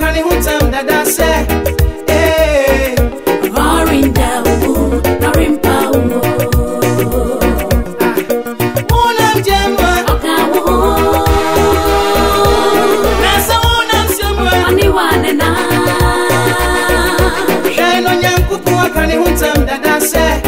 kane ho tam dada sɛ Roarinda wo mu, Roarimpa wo mu Shine on young Kuku, I can't even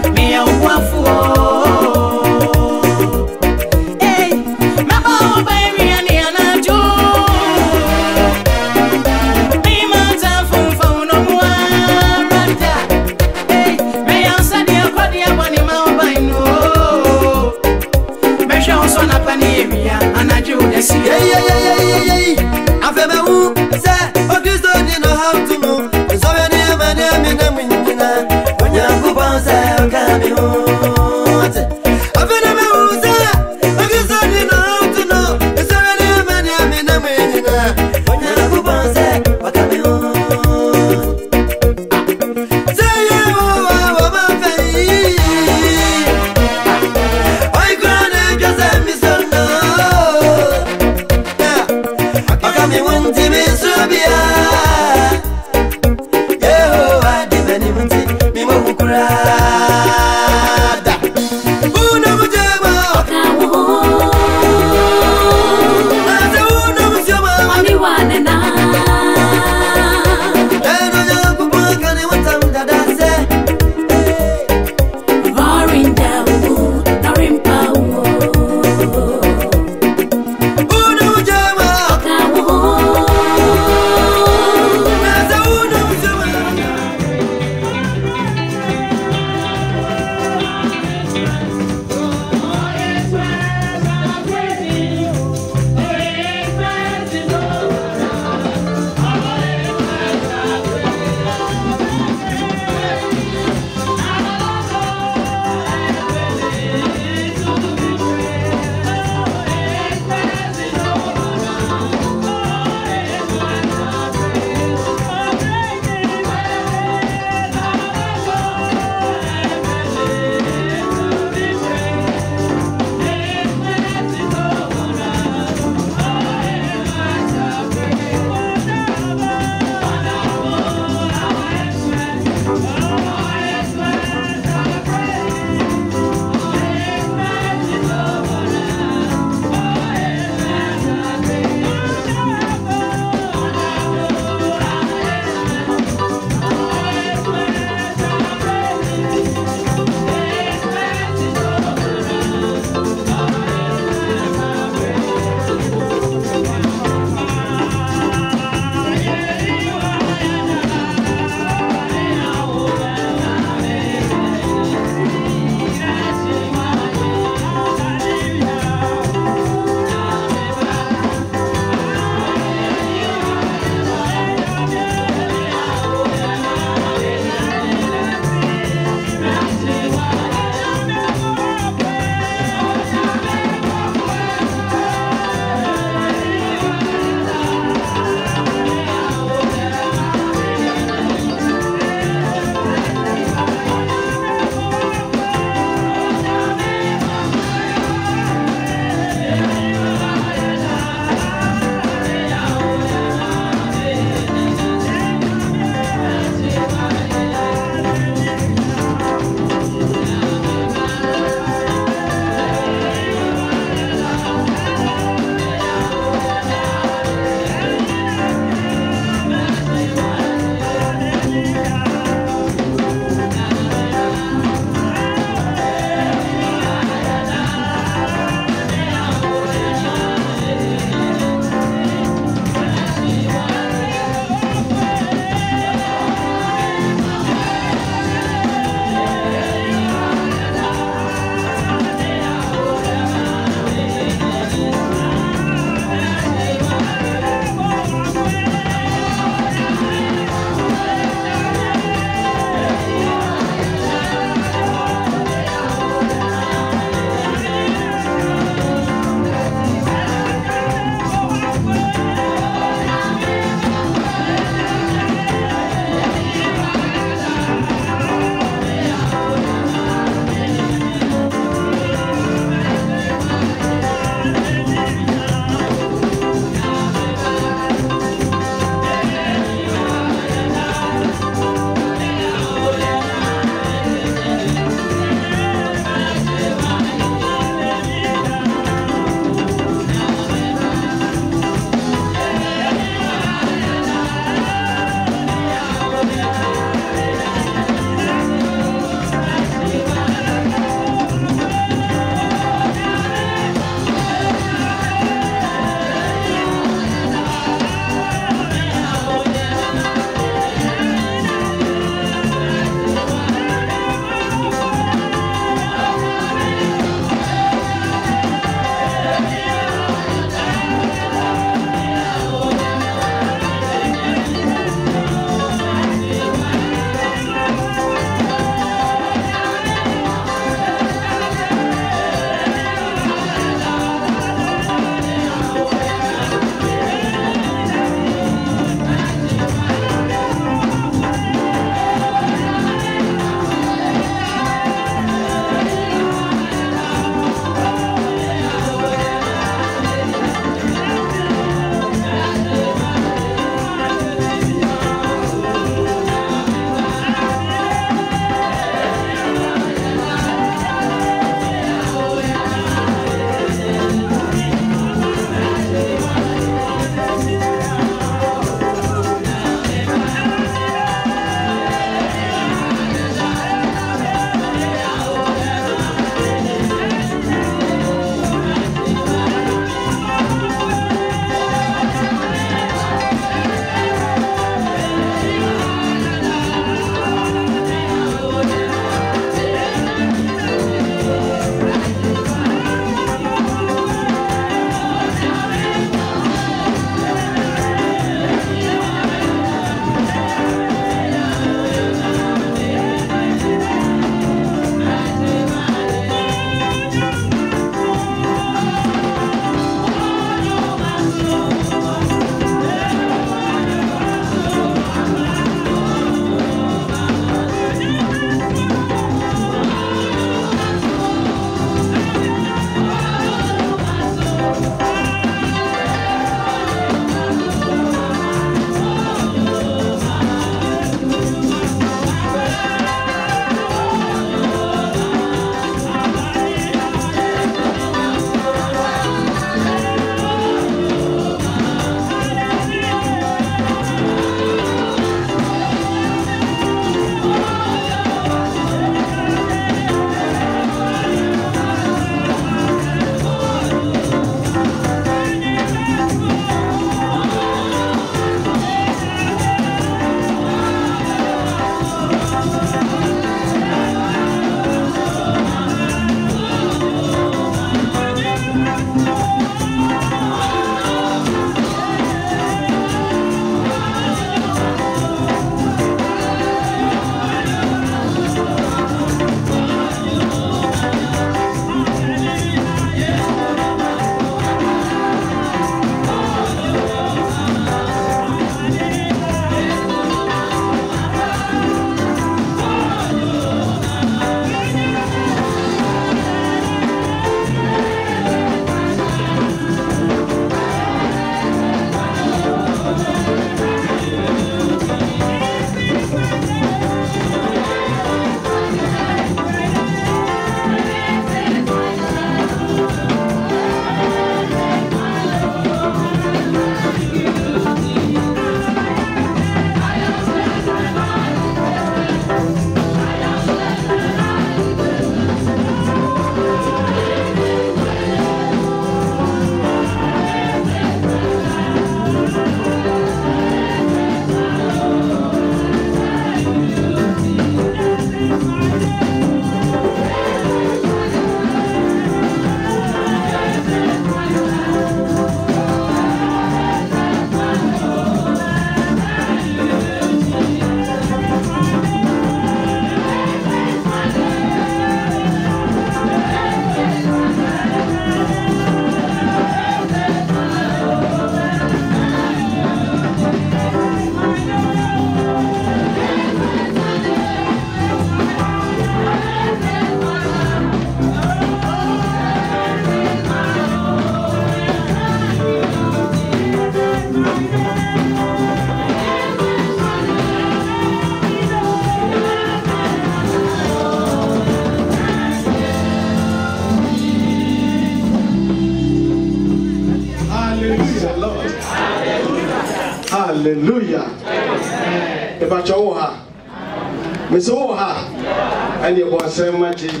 so much, Jesus.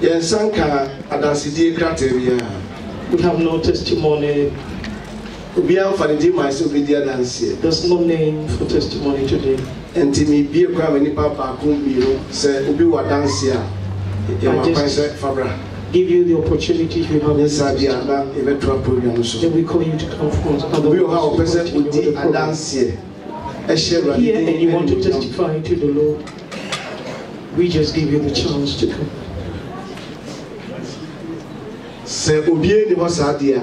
Yes, Sanka, Adansidie We have no testimony. We are finding myself with the Adansia. There's no name for testimony today. And to me, be a crime, any papa, Kumbiro, say, Ubi Wadansia. I just give you the opportunity you have yes, Abia, program. Then we call you to come forward. We will have a person who did Adansia. here and you want to testify to the Lord, we just give you the chance to come. sɛ obiara ni hɔ saa deɛ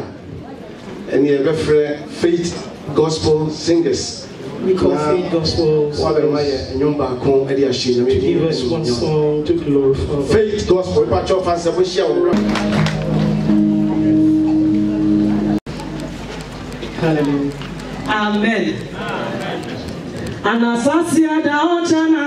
faith gospel singers We call faith gospels wabɛma to give us one song to glorify faith gospel wopatwɛ fa sɛ wohyia wo Hallelujah. Amen. anasasi ada ọcha na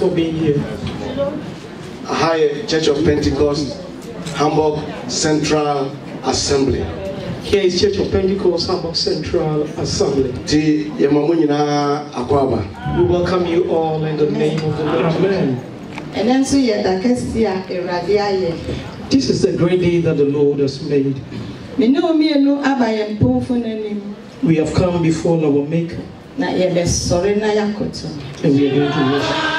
for being here. Higher Church of Pentecost, Hamburg Central Assembly. Here is Church of Pentecost, Hamburg Central Assembly. We welcome you all in the name of the Lord. Amen. This is the great day that the Lord has made. We have come before our Maker. And we are going to worship.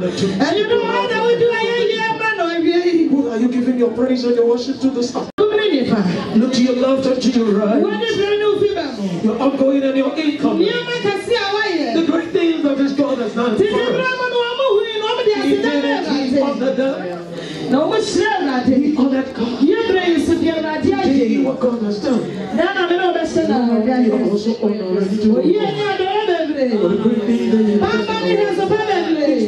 And you know how that we do it. Who are you giving your praise and your worship to this time? Look to your left and to your right. Your outgoing and your incoming. The great things that this God has done for us. He did it. He honored them. na ɔmo hyerɛ awurade yɛ berɛ yɛ sɛ deɛ awurade ayɛ na na me ne ɔbɛhyɛ na awurade ayɛ oyie ne adɔyɛ bebree bamba ne hɛ sɛ pɛ bebree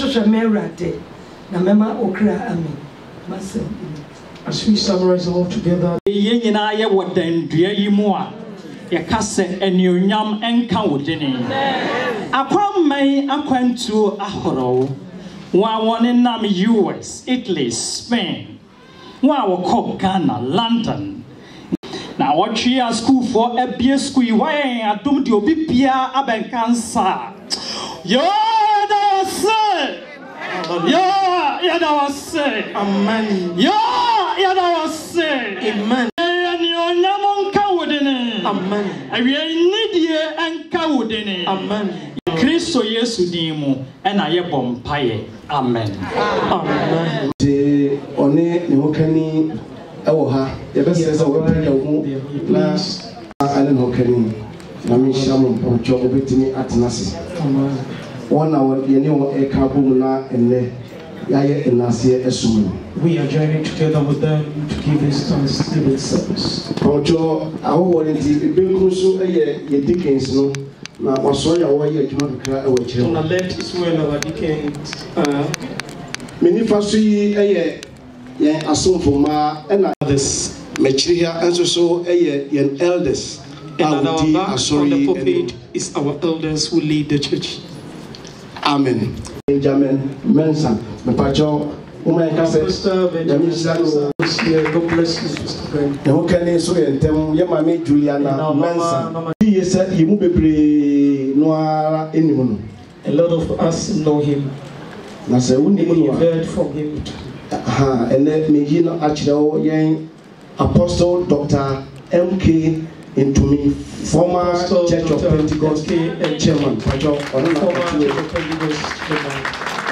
As we summarize all together, yɛn nyinaa yɛ wɔ dɛndua yi mu a yɛka sɛ anuonyam nka wo dene akwanman akwantuo ahorow wɔn nam US, Italy, Spain, wɔn a wɔkɔ Ghana, London, na wɔtwe a for abie sukuu yi wɔayɛ adom deɛ obi pia abenkansa. Yo. yadawase. Ya yadawase. Amen. Ya yadawase. Amen. Ni onyamo nka wodene. Amen. Awie nidie nka wodene. Amen. Kristo Yesu din mu ɛna yɛbɔ mpaeɛ. Amen. Amen. De ɔne ne ho kani ɛwɔ ha yɛbɛsɛ sɛ wɔbɛpɛ ne ho na ɛne ne ho kani mu na menhyira mo mpɔntwɔ wobɛtumi atena se. Amen. wɔn a yɛne wɔn ɛka abom na ɛnɛ yɛayɛ nnaseɛ ɛsom no We are joining together with them to give this thanksgiving service. Ọjọ́ ahọ́wọ́ ni ti ebenkun so yẹ yẹ Dickens no I wasọ yà wọ́n yẹ adwuma kakra ẹwọ eh, akyire. On the left is where our Dickens. Mi nifa so yi yẹ yẹn asomfo mmaa ɛna. M'akyiri ha nso so yɛ yɛn a wɔdi asɔre yi And our back on the pulpit is our elders who lead the church. amen benjamin mensa mepakyɛ woma yɛka sɛ nyamesira ne ho kɛne so yɛ ntɛm yɛ maame juliana mensa yiye sɛ yɛmu bebree no ara nim no A lot of us know him. Na sɛ wonim no a heard from him. ɛnɛ meyi no akyerɛ wo yɛn apostle dr mk Ntumi, former Pastor Church of Pentecost chairman, Pàjọ Ọ̀nàmà Kàtúwé.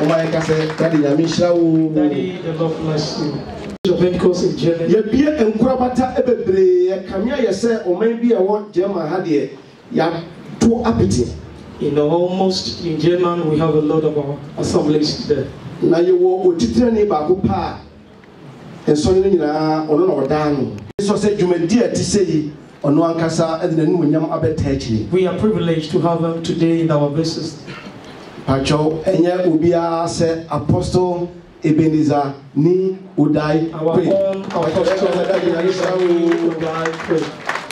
Ọmọ ayé kasẹ̀, Dadi Yami Ṣáwó. Dadi the Lord bless you. yɛbie nkorabata bebree ɛkame ayɛ sɛ ɔman bi a ɛwɔ german ha deɛ yɛato apete in almost in german we have a lot of our assemblies there na yɛwɔ otitirani baako paa ɛsɔne no nyinaa ɔno na ɔdaa no ɛsɔ sɛ dwumadi a ɛte sɛ yi ɔno ankasa ɛde n'anim abɛta akyire. we are privileged to have him uh, today in our verses. patro ɛnyɛ obiara sɛ apostle ebenezer ni odai pray. our apostle pray.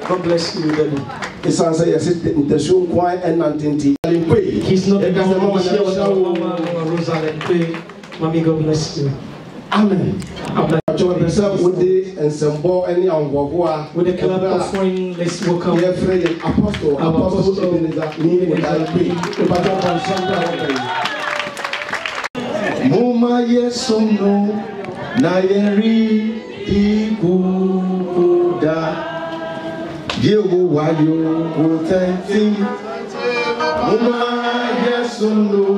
God bless you, Daddy. Esan sɛ yɛsi ntɛsuo nkwan ɛnantenti. Alimpe. He's not the one who shares mama Rosalyn. Pray, mommy, God bless you. Amen. Amen. ɔtɔ wɔpɛ sɛ wode nsɛmbɔ ne ahohoahoa wode yɛfrɛ yɛ apostol apostol ebeneza ne wodare wobata bɔnsɛm a wɔbɛyɛ moma yɛ som no na yɛredi kuku da yehowa yòówó tẹ́tí moma yɛ som no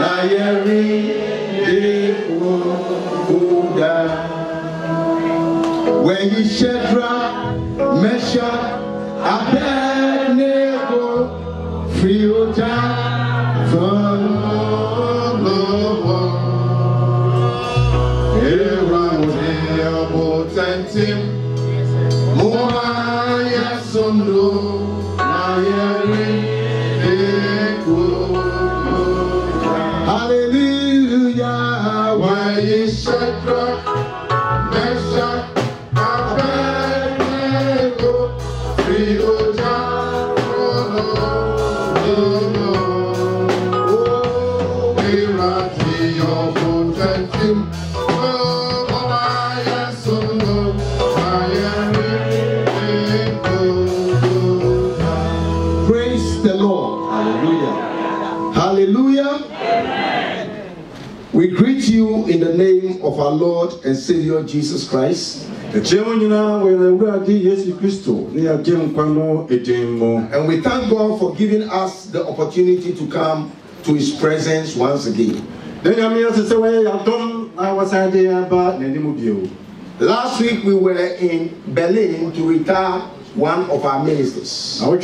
na yɛredi kuku da were ye Shadrach, Meshach, Abednego, Free your time. our Lord and Savior Jesus Christ. And we thank God for giving us the opportunity to come to His presence once again. Last week we were in Berlin to retire one of our ministers. service.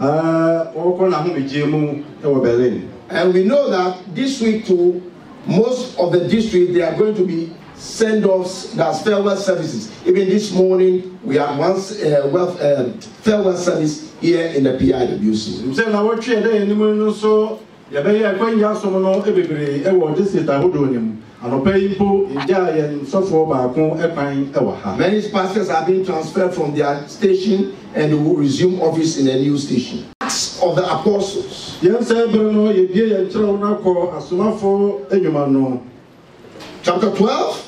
Uh, wɔkɔ berlin. and we know that this week too most of the district they are going to be send-offs that's farewell services even this morning we have one uh, well, uh, farewell service here in the PIWC. ǹsẹ́ yẹ dẹ́ yẹ bẹ́ yẹ ẹ̀kọ́ ìyá sọmọ náà anɔpɛ yi mpo yɛgya yɛn sɔfoɔ baako ɛkwan ɛwɔ ha. many pastors have been transferred from their station and they will resume office in a new station. acts of the apostles. yẹn sẹ bẹrẹ náà yẹ bie yẹn kyerɛw náà kɔ asomafo enyuma nù. chapter twelve.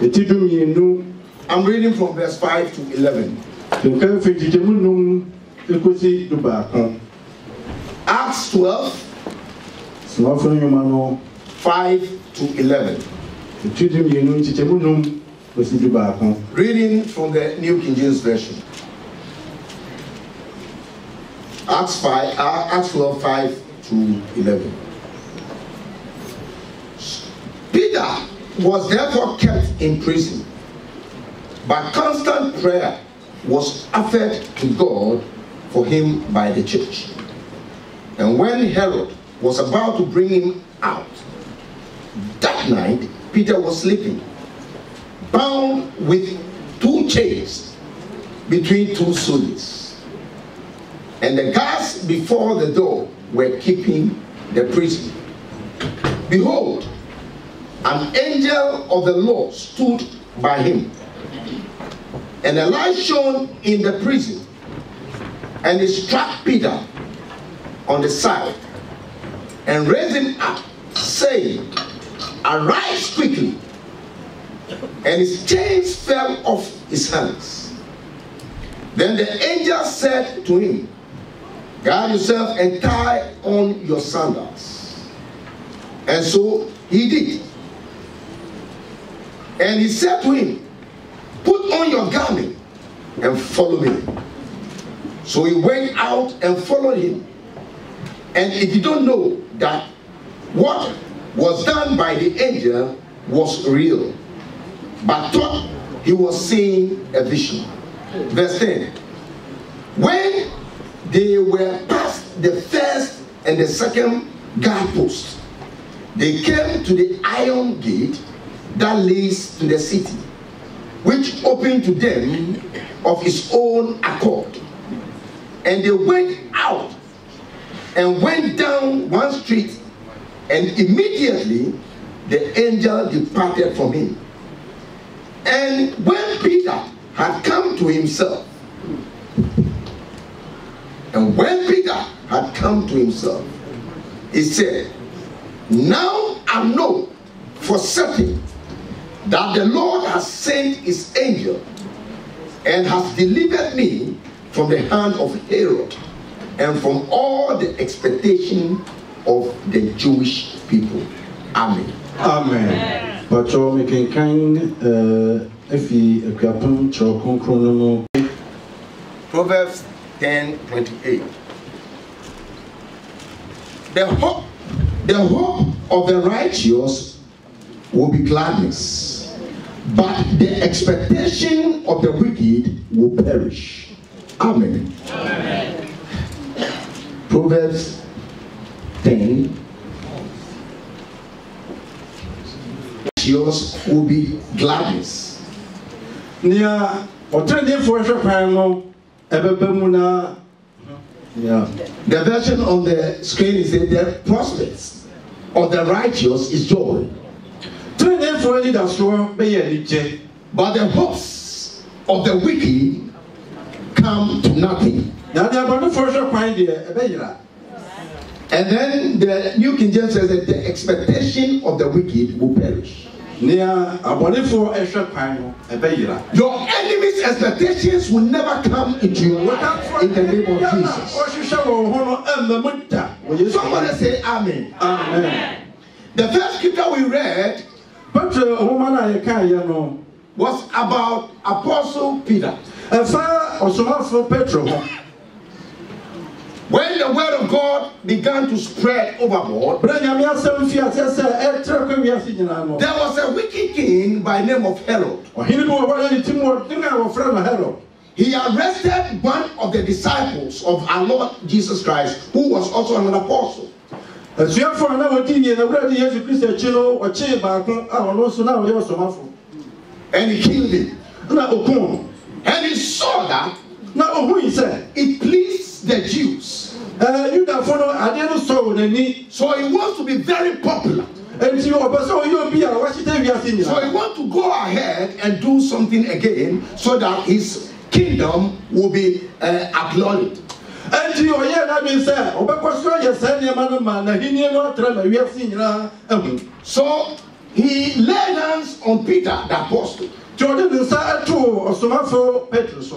eti du mienu. i'm reading from verse five to eleven. nǹkan fi jíjẹ mu nù ekosi du baako. acts twelve. asomafo enyuma nù. five. to 11. Reading from the New King James Version. Acts 5, uh, Acts four, 5 to 11. Peter was therefore kept in prison, but constant prayer was offered to God for him by the church. And when Herod was about to bring him out, that night, Peter was sleeping, bound with two chains between two soldiers. And the guards before the door were keeping the prison. Behold, an angel of the Lord stood by him, and a light shone in the prison, and it struck Peter on the side and raised him up, saying, Arise quickly. And his chains fell off his hands. Then the angel said to him, Guard yourself and tie on your sandals. And so he did. And he said to him, Put on your garment and follow me. So he went out and followed him. And if you don't know that what was done by the angel was real, but thought he was seeing a vision. Verse 10. When they were past the first and the second guard post, they came to the iron gate that leads to the city, which opened to them of its own accord. And they went out and went down one street and immediately the angel departed from him. And when Peter had come to himself, and when Peter had come to himself, he said, Now I know for certain that the Lord has sent his angel and has delivered me from the hand of Herod and from all the expectation of the Jewish people. Amen. Amen. Bàtchọ mekenkan uh, efi you kyerɛ kronkron no mu. Proverbs ten twenty eight. The hope, the hope of the righteous will be gladness, but the expectation of the wicked will perish. Amen. Amen. Proverbs thing yours will be gladness. nea ɔtɛnɛnfoɔ ɛhwɛ kwan no ɛbɛbɛ Yeah. The version on the screen is that the prospects of the righteous is joy. Tɛnɛnfoɔ ɛni da soɔ bɛyɛ But the hopes of the wicked come to nothing. Na deɛ abɔnfoɔ ɛhwɛ kwan the ɛbɛyira. And then the New King James says that the expectation of the wicked will perish. Nea abɔnefoɔ ɛhwɛ kwan no ɛbɛyira. Your enemy's expectations will never come into your life in the name of Jesus. Somebody say amen. Amen. The first scripture we read. but nwoma na yɛ kan yɛ no. Was about Apostle Peter. Ɛfa ɔsomafoɔ Petro When the word of God began to spread overboard, there was a wicked king by name of Herod. He arrested one of the disciples of our Lord Jesus Christ, who was also an apostle. And he killed him. And he saw that it pleased the Jews. So he wants to be very popular. So he wants to go ahead and do something again so that his kingdom will be uh, applauded. And ọ̀yẹ́ ẹ̀dá that being said, sọ question, sẹ́ ní ẹ̀ma náà he náà híní ẹ̀nu We mà wíyá sí nyinaa So he laid hands on Peter the apostle. Tí ọdún ní sá ẹ̀tù ọ̀sùnmáfọ́ Petro sọ.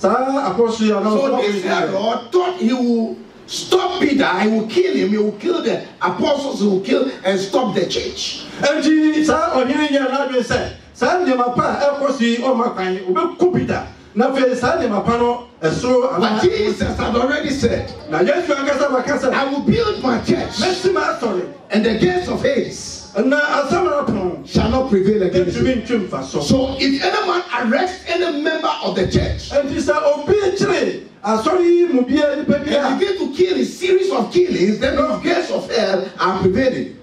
saa apɔsɔ yɛ ɔlɔwɔ sɔ ɔsɔ yɛ ɔlɔwɔ thought he will stop peter ah, he will kill him he will kill the apostles he will kill and stop the church. eti saa ɔhene yɛ n'adwe sɛ saa nneɛma pa a ɛkɔ so yi ɔma kwan obɛku peter n'afɛ saa nneɛma pa no ɛsoro ala. but jesus had already said. na yesu ankasa ma kasa. i will build my church. mɛsi ma asɔre. and the gates of hades. And shall not prevail against him. So if any man arrests any member of the church and begin to kill a series of killings, then the gates of hell are prevailing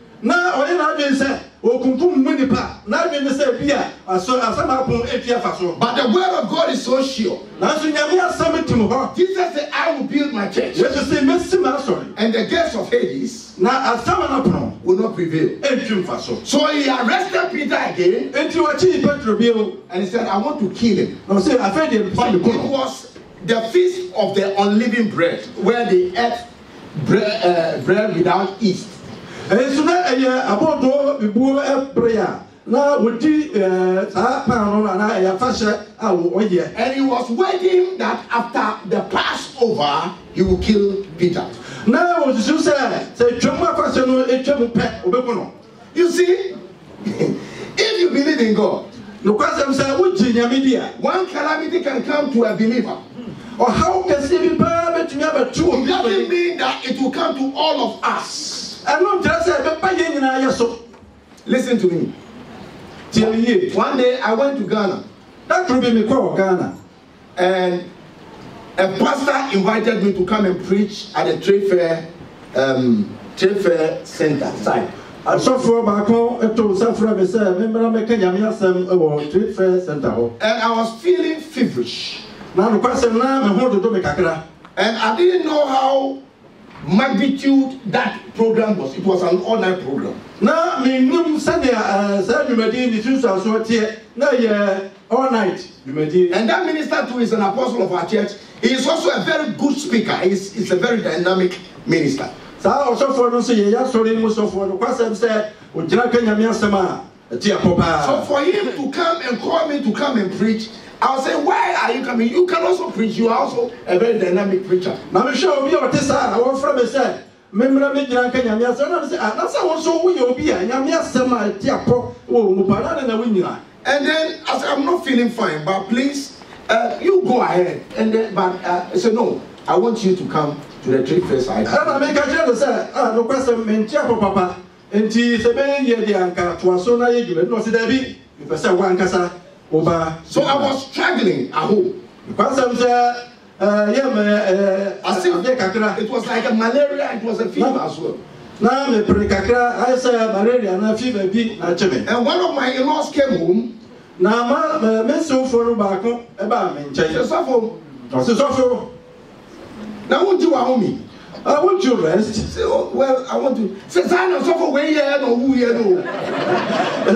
okunfun mu nipa n'adwe ne sɛ bi a aso asam apon etu afa so. but the word of God is so sure. nanso nyame asam ti mu hɔ. jesus say i will build my church. yesu sɛ mi si ma sɔrɔ. and the gates of hades. na asam anapono. will not prevail. etu nfa so. so he arrested peter again. eti wɔkyi petro bi o. and he said i want to kill him. na o sɛ afɛ de nfa de kɔnɔ. it was the feast of the unliving bread where they ate bread, uh, bread without yeast. and he was waiting that after the passover he will kill peter. Now, eh, you see if you believe in God. nokwasɛm sɛ wogye one calamity can come to a believer. ɔhaw kɛseɛ bi paa bɛtumi abɛto obi. it doesn't mean that it will come to all of us. ɛnu nkyerɛ sɛ ɛbɛba yɛn nyinaa yɛ so listen to me tie mi yie one day i went to ghana that trip mi kɔ wɔ ghana and a pastor invited me to come and preach at the trade fair um, trade fair center side. asɔfoɔ baako eto nsafura mi sɛ mímira mi kanya mi asɛm wɔ trade fair center hɔ. and i was feeling feverish. na nukwasɛm na mi ho dodo mi kakra. and i didn't know how magnitude that program was it was an online program. na mi nim sani eh, sani dwumadi ni sunsun aso tiɛ na yɛ all night dwumadi. and that minister too is an apostle of our church he is also a very good speaker he is, he is a very dynamic minister. saa ɔsɔfoɔ no nso yɛ yasɔre mu sɔfoɔ no kwasɛm sɛ ogyina ka nyame asɛm a ɛte so for him to come and call me to come and preach. I'll say, why are you coming? You can also preach. You are also a very dynamic preacher. Now, mi hwɛ obi a ɔte saa a wɔfrɛ mi sɛ mmemmira mi gyina nka nyame asɛm na mi sɛ anasa ah, wɔn nso You obi a nyame asɛm a ti apɔ wɔ mu pa na na wo nyina. And then I said, I'm not feeling fine, but please, uh, you go ahead. And then, but uh, I said, no, I want you to come to the trip first. I. said, mi ka kyerɛ ah, no sɛ, a nokwasɛm mi nti apɔ papa nti sɛ bɛyɛ yɛ deɛ anka toa so na yɛ dwuma ɛna ɔsi dɛbi mipɛ sɛ wankasa. Oba. So I was struggling at home. Because I'm uh, eh, yeah, eh, uh, as if it was like a malaria, it was a fever as well. Now me pre kakra I say malaria na fever bi na kye and one of my in-laws came home. na ma me so no baako ɛbaa me nkyɛn. So ɔsesɔfo. na wonti wa homi. Uh, won't you rest? Say, oh, well, I want to. Say, Zion, so for way here, no, who here, no.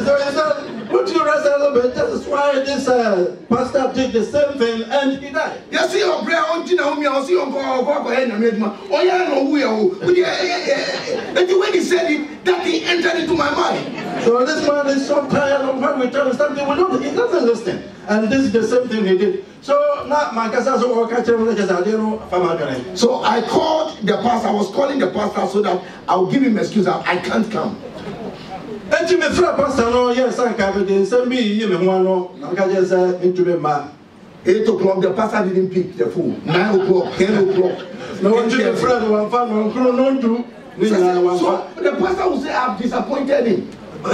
so, so, but you rest a little bit. That is why this uh, pastor did the same thing and he died. Yes, oh, you are prayer on Tina Umi, I'll see you go go ahead and my. Oh, yeah, no, we are. And when he said it, that he entered into my mind. So this man is so tired of what we tell him something, we don't, he doesn't listen. And this is the same thing he did. So now my cousin will oh, catch him like I didn't So I called the pastor, I was calling the pastor so that I'll give him an excuse. I can't come. enti mefrɛ pastor no yɛ sɛ nka mede nsɛm bi yi me ho ano na meka kyɛ sɛ mentumi mma 8 o'clock the pastor didn't pick the phone Nine o'clock Ten o'clock na wɔntu mefrɛ no wamfa no nkoro no ntu ne nyinaa wamfa so the pastor will say i've disappointed him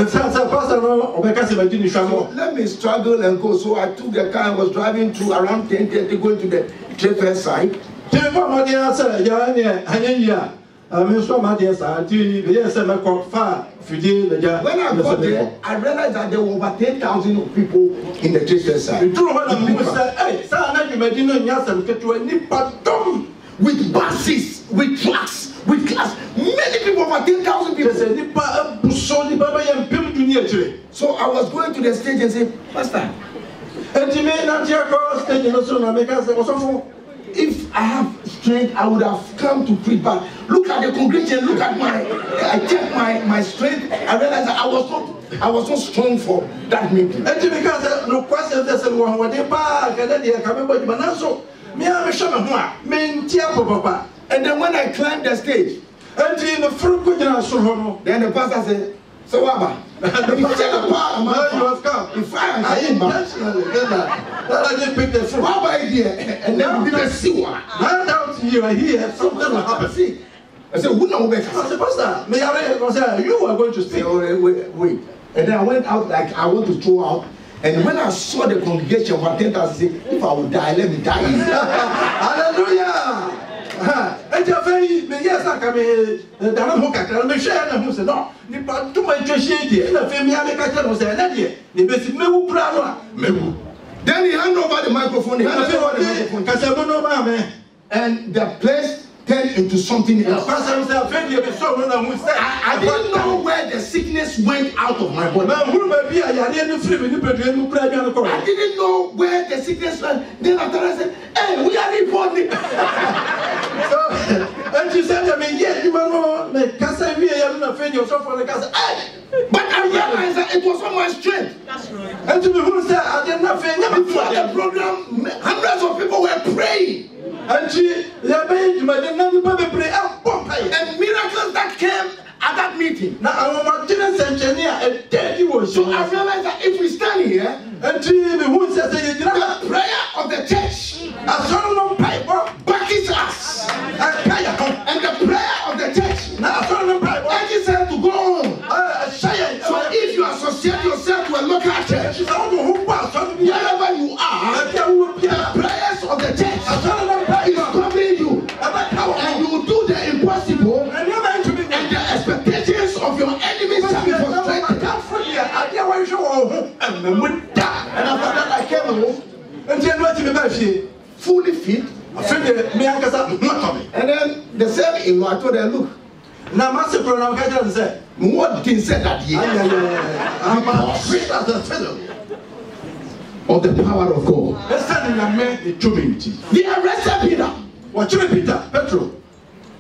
Sasa eh, pastor no obeka se bagi ni shamo. Let me struggle and go. So I took the car and was driving to around 10:30 going to the Trefair side. Tell eh, me what you say. Yeah, yeah. Hanya yeah. I so much yes. I tell you yes, I make up fìdí nàjà. when i go there i realize that there were over ten thousand of people in the Christian side. ìdúró wọn náà mú sẹ ẹ sáà náà jùmọ̀dín náà ní àṣà ketewa nípa dọ́m. with buses with trucks with cars many people over ten thousand people. kẹsẹ̀ nípa ẹ̀bùsọ̀ nípa bẹ́yẹ mpẹ́m dùn ní ẹ̀kyẹ̀rẹ̀. so i was going to the stage and say pastor. ètùmí náà ti ẹ̀kọ́ stage náà sọ̀rọ̀ náà mi ká sẹ́ wọ́n sọ fún if I have strength, I would have come to preach. But look at the congregation. Look at my. I check my my strength. I realized I was not. I was not strong for that meeting. And because eh, no question, nukwasi ẹsẹ sẹ wọn wọn ní paa kẹlẹ diẹ kàmi bọ jùmọ náà so Me I'm a mi n tí a pọ pàpà. And then when I climbed the stage. and mi fúrukú gyina soro hɔ no. Then the pastor said, "Sọ what? And you take a part of my you have come. In fact, I intentionally did that. That I didn't pick the fruit. Why by here? And now we don't see one. Now that you are here, something will happen. See? I said, who know better? I said, Pastor, may I say, you are going to stay. Wait, wait, And then I went out like I want to throw out. And when I saw the congregation, I said, if I will die, let me die. Hallelujah! ɛnti afei meyɛ sɛ anka me dane ho kakra no mehwɛɛ ne ho sɛ no nipa doma ntwahyia deɛ ɛna afei mea meka kyerɛ no sɛ ɛnɛ deɛ ne bɛsi mɛwu pura no a mɛwu then he hand over the microphone he hand over the microphone kasɛmu no maa mɛ and the place turn into something else. I, I didn't know where the sickness went out of my body. I didn't know where the sickness went. Then after I said, hey, we are reporting. so, and she said to me, yeah, you know, because but I realized that it was not my strength. That's right. And to be who said, I did not fail. Before the program, hundreds of people were praying nti yɛbɛyɛ dwumadi na nipa bebree ɛbɔ mpaeɛ. and miracles that came at that meeting. Now na ahomagyere nsɛnkyɛnni a ɛdɛɛdi e you nsu. so i realize that if we stand here. and mihu sɛ sɛ yɛgyina the prayer of the church. a asɔre no back backs us. ɛka e yɛ and the prayer of the church. a asɔre pipe, mpaebɔ. urges us to go on. E, so if you associate yourself to a local church. sɛ wɔn ho bɔ asɔre bi. wherever you are. Impossible, and the expectations of your enemies have been frustrated. And And then after that, I came home. And then went to the mean Fully fit. I said, "Me And Kasa, not coming." And then the same in I told them, look. Now, Master Pronoun Gajan said, What did say that year? I'm a fit as a fellow of the power of God. They arrested Peter. What Peter? Petro.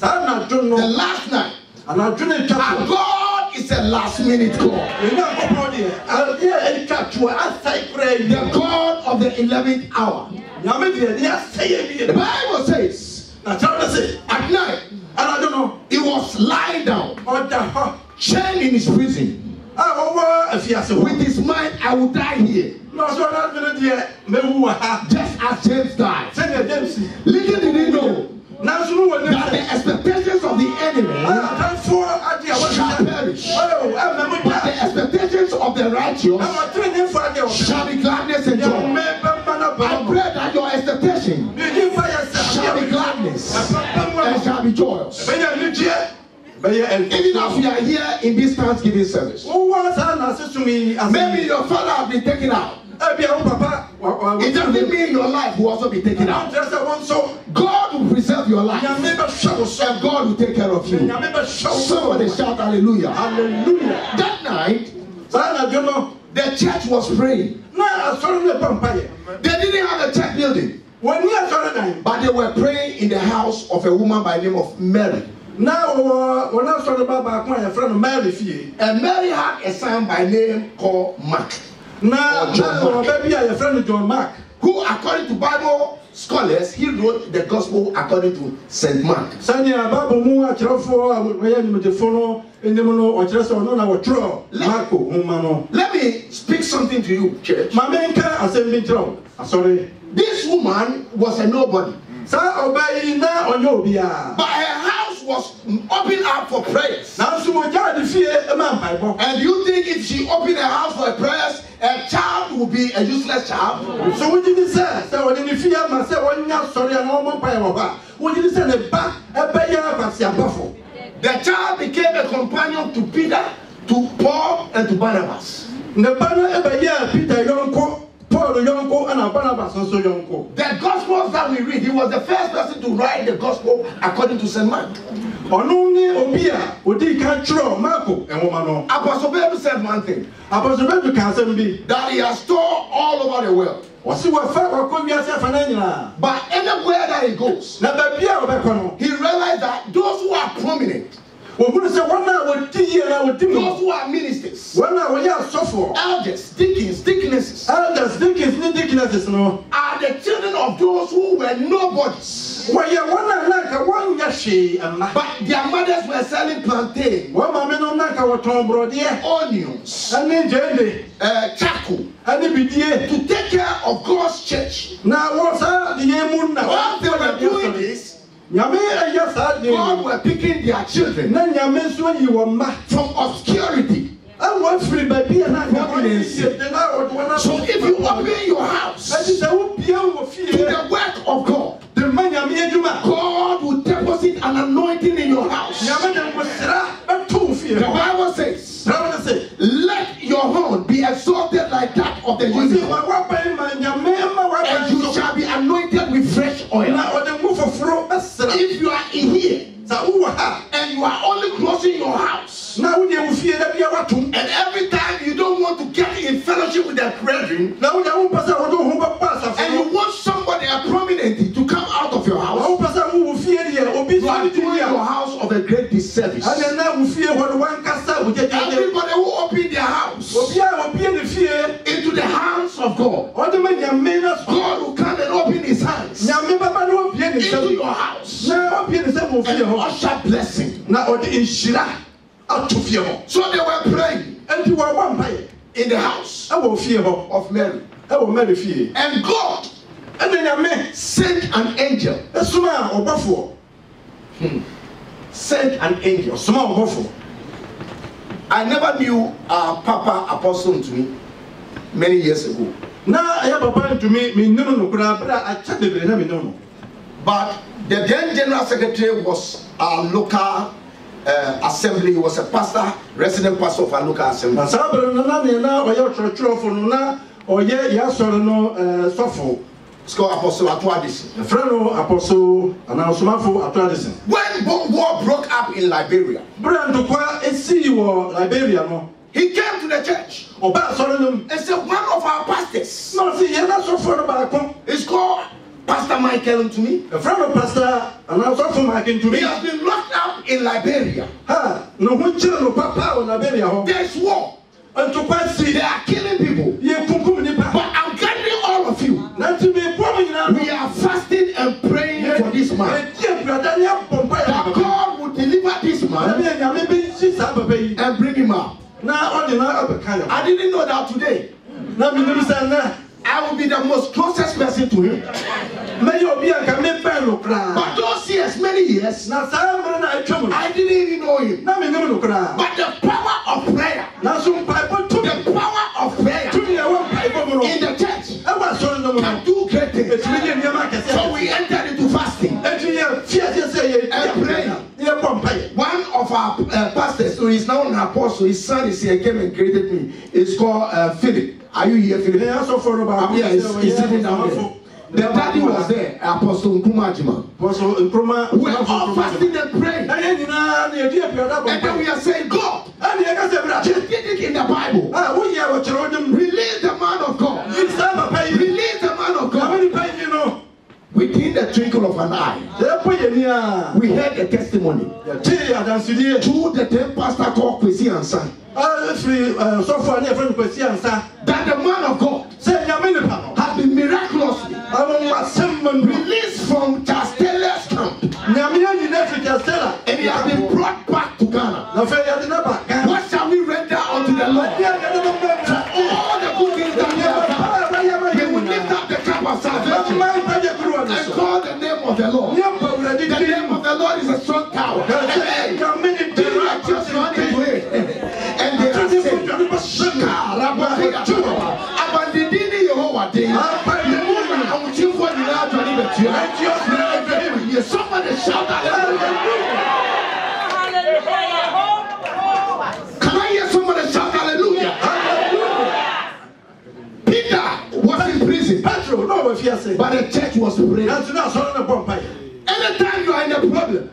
The last night. Ah, and God is a last minute God. Ah, the God of the 11th hour. The Bible says, at night, and I don't know, he was lying down, oh, chained in his prison. Ah, oh, oh, With his mind, I will die here. Uh-huh. Just as James died. Little did he know that the expectations of the enemy ah, shall perish, oh, oh, but the expectations of the righteous shall be gladness and joy. I pray that your expectation shall be gladness and shall be joyous. Even as we are here in this Thanksgiving service, maybe your father has been taken out it doesn't mean your life will also be taken out. God will preserve your life. and God will take care of you. somebody shout hallelujah. hallelujah. that night. the church was praying. they didn't have a church building. but they were praying in the house of a woman by the name of Mary. Now, when I started about my friend Mary, and Mary had a son by name called Mark na na ọbẹ bi a yẹ fẹ ni john mark. who according to bible scholars he wrote the gospel according to saint mark. sani a ah, mu akyerɛfo a wɔyɛ nimdefo no enim no ɔkyerɛ ɔno na wɔtwerɛ marko nwoma no. let me speak something to you church. maame nka asɛm bi nkyerɛw asɔre. this woman was a nobody saa ọbaa yi na ọnyɛ obi a. but her house was open up for prayers. nanso mo jaade fie ma mpa ibɔ. and you think if she open her house for prayers a child will be a useless child. so wọ́n jíjí sẹ́ sẹ́ wọ́n ní ní fíyà sẹ́ wọ́n nyà sọ̀rọ̀ yẹn wọ́n mọ̀ pa yẹn wọ̀ bá wọ́n jíjí sẹ́ ní ba ẹ bẹ́ yẹ àbàsí àbọ̀fọ̀. the child became a companion to Peter to Paul and to Barnabas. ne ba náà ẹ bẹ yẹ Peter yọ̀nkọ́. The gospels that we read, he was the first person to write the gospel according to St. Mark. Ɔno ni obi a odi Marko ɛnwoma no. Apostle Babe said one thing. Apostle Babe ka asɛm bi. That he has stored all over the world. Wɔsi wɔfɛ wɔkɔ wiase afɛnɛ nyinaa. But anywhere that he goes. He realized that those who are prominent wɔhunu sɛ wɔn a those who are ministers. elders deacons deaconesses. elders deacons deaconesses no. are the children of those who were nobodies. wɔyɛ wɔn a nanka wɔn but their mothers were selling plantain. wɔn maame no nanka wɔtɔn borɔdeɛ. onions. ɛne gyeene. ɛɛ eh, charcoal. ɛne bidie. to take care of God's church. Now what's saa deɛ mu na. while they were doing this. God were picking their children from obscurity. I want free baby and I So if you open your house to the work of God, God will deposit an anointing in your house. The Bible says, let your horn be exalted like that of the unicorn, and you shall be anointed with fresh oil. if you are in here and you are only closing your house and every time you don't want to get in fellowship with the brethren and you want somebody a prominent to come out of your house wopɛ you are doing your house of a great disservice everybody who open their house the hands of God. God will come and open his hands into your house and usher blessing. So they were praying in the house of Mary. And God and then sent an angel. Hmm. Sent an angel. I never knew our uh, Papa Apostle to me many years ago na ɛyɛ papa ntumi mi nunu no koraa bere a akyɛ bebree na mi nunu no no. but the then general secretary was a local uh, assembly he was a pastor resident pastor of a local assembly. na saa bere no na nea na ɔyɛ ɔtwerɛtwerɛfo no na ɔyɛ yasɔre no ɛɛ eh, Score Apostle Atuadison. The friend of Apostle and Osumafo Atuadison. When war broke up in Liberia, Brandon, see you Liberia, no? He came to the church. Ọba asọ́rin And said one of our pastors. Náà sì yẹn náà sọ fún ọ baako. It's called Pastor Michael me. A friend of Pastor and I Anasọ́fún Michael me. He has been locked up in Liberia. Ha! N'ohun kyerè no papa wọ Liberia There is war. Ntukwa si. They are killing people. But I'm gathering all of you. We are fasting and praying yeah. for this man. Ẹ̀dí ẹ̀bùrọ̀dá That God will deliver this man. And bring him out na ọdị na i didn't know that today na mmiri sị na I will be the most closest person to him. Many of you can make me pen But those years, many years, I didn't even know him. But the power of prayer, the power of prayer in the church e can do great things. So we entered into fasting and prayer. One of our uh, pastors, who is now an apostle, his son is here, came and greeted me. It's called uh, Philip. Are you here, Philip? Yeah, so for about yeah, he's, he's sitting down there. The daddy was there, Apostle Nkrumah Apostle Nkrumah. We are all fasting and praying. And then we are saying, God, just get it in the Bible. Ah, Release the man of God. Release the man of God within the twinkle of an eye. We heard a testimony. Through the ten pastor called Kwesi Ansa. You empty your prayer very here. Somebody shout hallelujah. hallelujah. Can I hear somebody shout hallelujah? Hallelujah. Peter was in prison. But the church was praying. Anytime you are in a problem,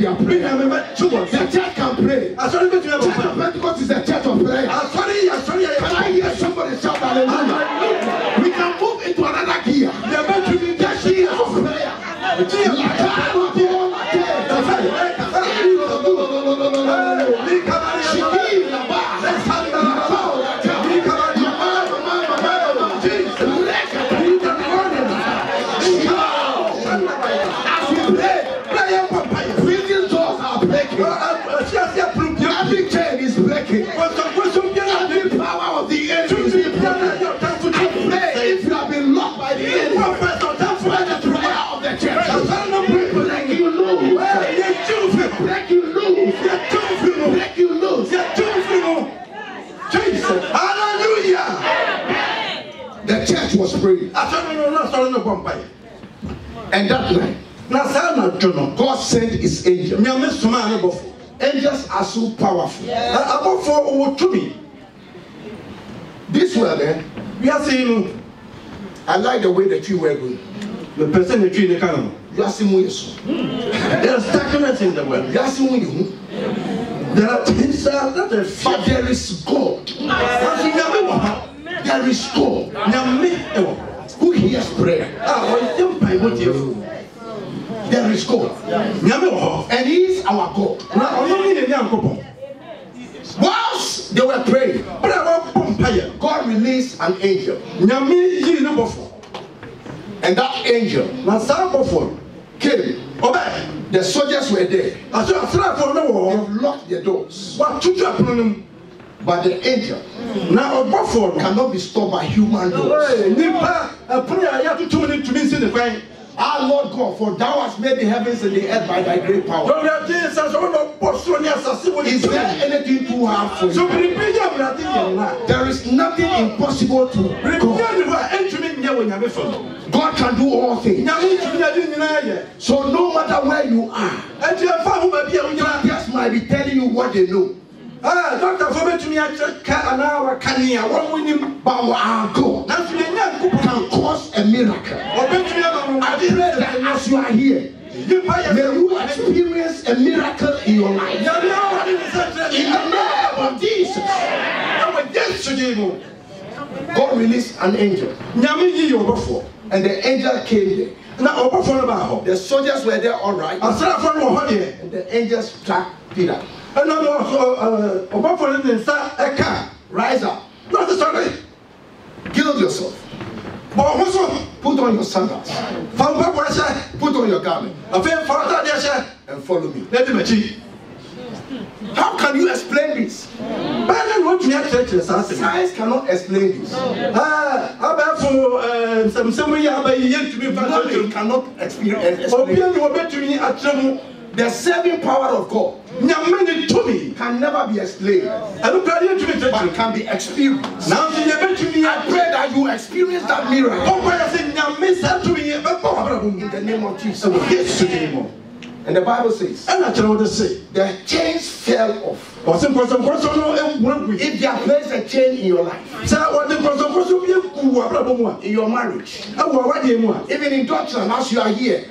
their prayer. bɔ mpa yɛ and that night na saa na dwo no god sent his angel nyame soma ne bɔfo angels are so powerful na abɔfo ɔwɔ tumi this one eh wiase yi no i like the way the tree were going the person the tree ne ka no wiase mu yɛ so there is darkness in the world wiase mu yɛ hu there are things that are fabulous. ọbẹ the soldiers were there. àti asraafo náà wọ̀ ọ́. they locked their doors. wà á tútù àpọnọ nínú. But the angel hmm. na ọgbọfọ cannot be stopped by human doors. nípa ẹ̀pọ̀n yà yà tuntun ní tùmí sí nìkan yìí. Our Lord God, for thou hast made the heavens and the earth by thy great power. Is there anything too hard for you? There is nothing impossible to God. God can do all things. So no matter where you are, doctors might be telling you what they know. Doctor for me to me an hour can hear one winning but our God can cause a miracle. I pray that as you are here, may you experience a miracle in your life. In the name of Jesus. God released an angel. And the angel came there. Na ọkọ fún ọba họ. The soldiers were there all right. Asrafo ni wọ họ yẹ. And the angel struck Peter. Ẹnna ọba ọ ọba fún ọba nsa ẹka. Rise up. Not the story. Gild yourself. But also put on your sandals. Fa ọba bọ̀ ṣe put on your garment. Àfẹ́ fọ́nrán tá a di ẹ ṣe and follow me. Lẹ́tí mẹ̀kí. How can you explain this? Bẹ́ẹ̀ni ló tún yẹ kyerẹ́kyerẹ́ sáà sẹ́yìn. Science cannot explain this. Abẹ́fo ah, eh, sẹ̀mùsẹ̀mù yìí abẹ́yẹ yẹn tún bí value cannot experience. Obi ẹni wọ́n bẹ tún yín akyerẹ́ mu the saving power of God. Nyamini to me can never be explained. I Everybody to me but can be experienced. Now I pray that you experience that miracle. In the name of Jesus. Yes, name of. And the bible says. Ẹna kyerɛ wọ́n say, The chains fell off. Ọ̀sẹ̀ nkọ̀sọ̀nkọ̀sọ̀ náà ẹ̀ wọ́n If there place a chain in your life. Sẹ ọ̀dẹ̀ nkọ̀sọ̀nkọ̀sọ̀ bí egu wọ abúlé mu a. In your marriage. Ẹ wọ awádìí mu a. Even in doctrine as you are here.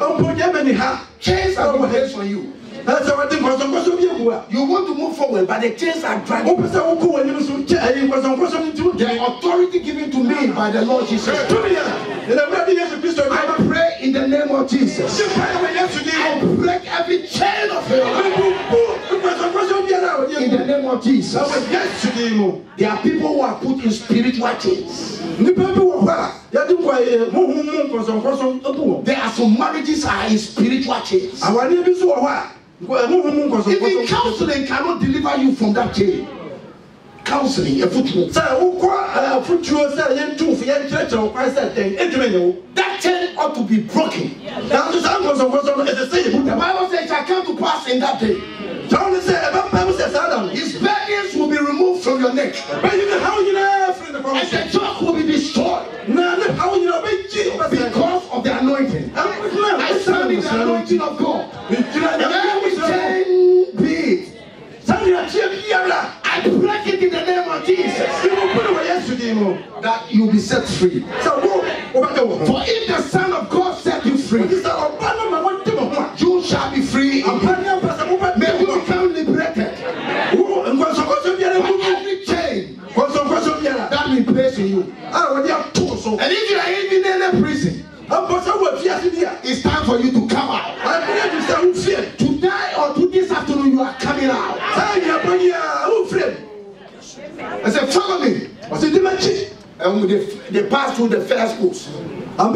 Chains are placed on you na sɛ wɔde nkɔsɔnkɔsɔn bi egu a. you want to move forward but the chains are dragging. o pese o ko wɔ ɛnim so kyɛ ɛyi nkɔsɔnkɔsɔn ti the authority given to me by the lord jesus. tumiya ìdàgbà bí yéṣu kristo ní. i pray in the name of jesus. ṣé báyọ̀ wọ yéṣu ní. i break every chain of hell. life. bi yàrá òye. in the name of jesus. àwọn yéṣu ní inú. there are people who are put in spiritual chains. nípa bí wọ hɔ a yàtí wọ ẹ muhun mu nkɔsɔnkɔsɔn. there are some marriages are in spiritual chains. àwọn ẹni bí sọ wọ hɔ even counseling cannot deliver you from that chain counseling efutuo. sẹ wúkọ efutuo sẹ yẹn tún fi yẹn kyerẹkyerẹ wọn kwan sẹ tẹn edwuma yẹn wo. that chain ought to be broken. nanso sáà nkosonkoso no ẹsẹ sẹyìn mu. the bible says, it shall come to pass in that day. John sẹ ẹ bá pẹ́ sẹ sáà dàn. his burdens will be removed from your neck. bẹ́ẹ̀ ni you know? fún ẹni kọ́. and the joke will be destroyed. na how you know? bẹ́ẹ̀ jí. because of the anointing in the anointing of God. Every 10 bit. I break it in the name of Jesus. Oh, that you'll be set free. Oh, oh, for if the Son of God set you free, you shall be free. for you to come out. Tonight or to this afternoon, you are coming out. I said, follow me. I said, they, they passed through the first post. I'm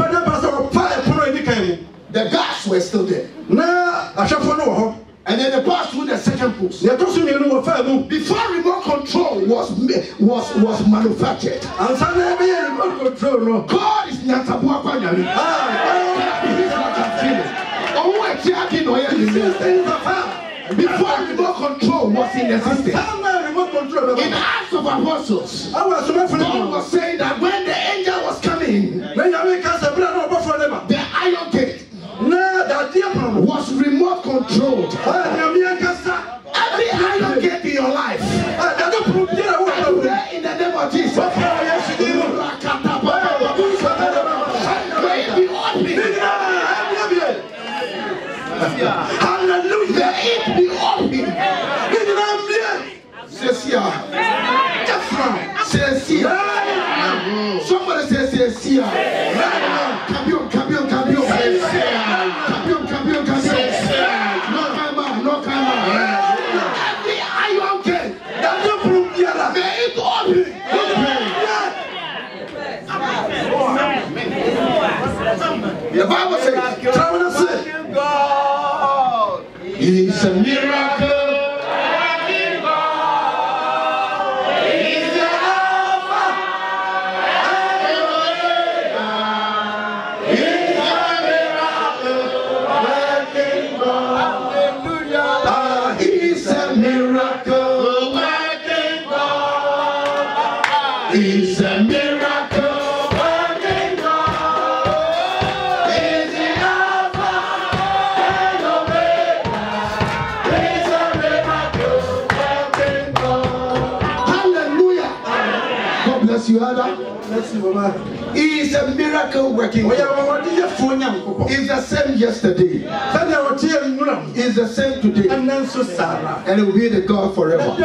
and it will be the God forever.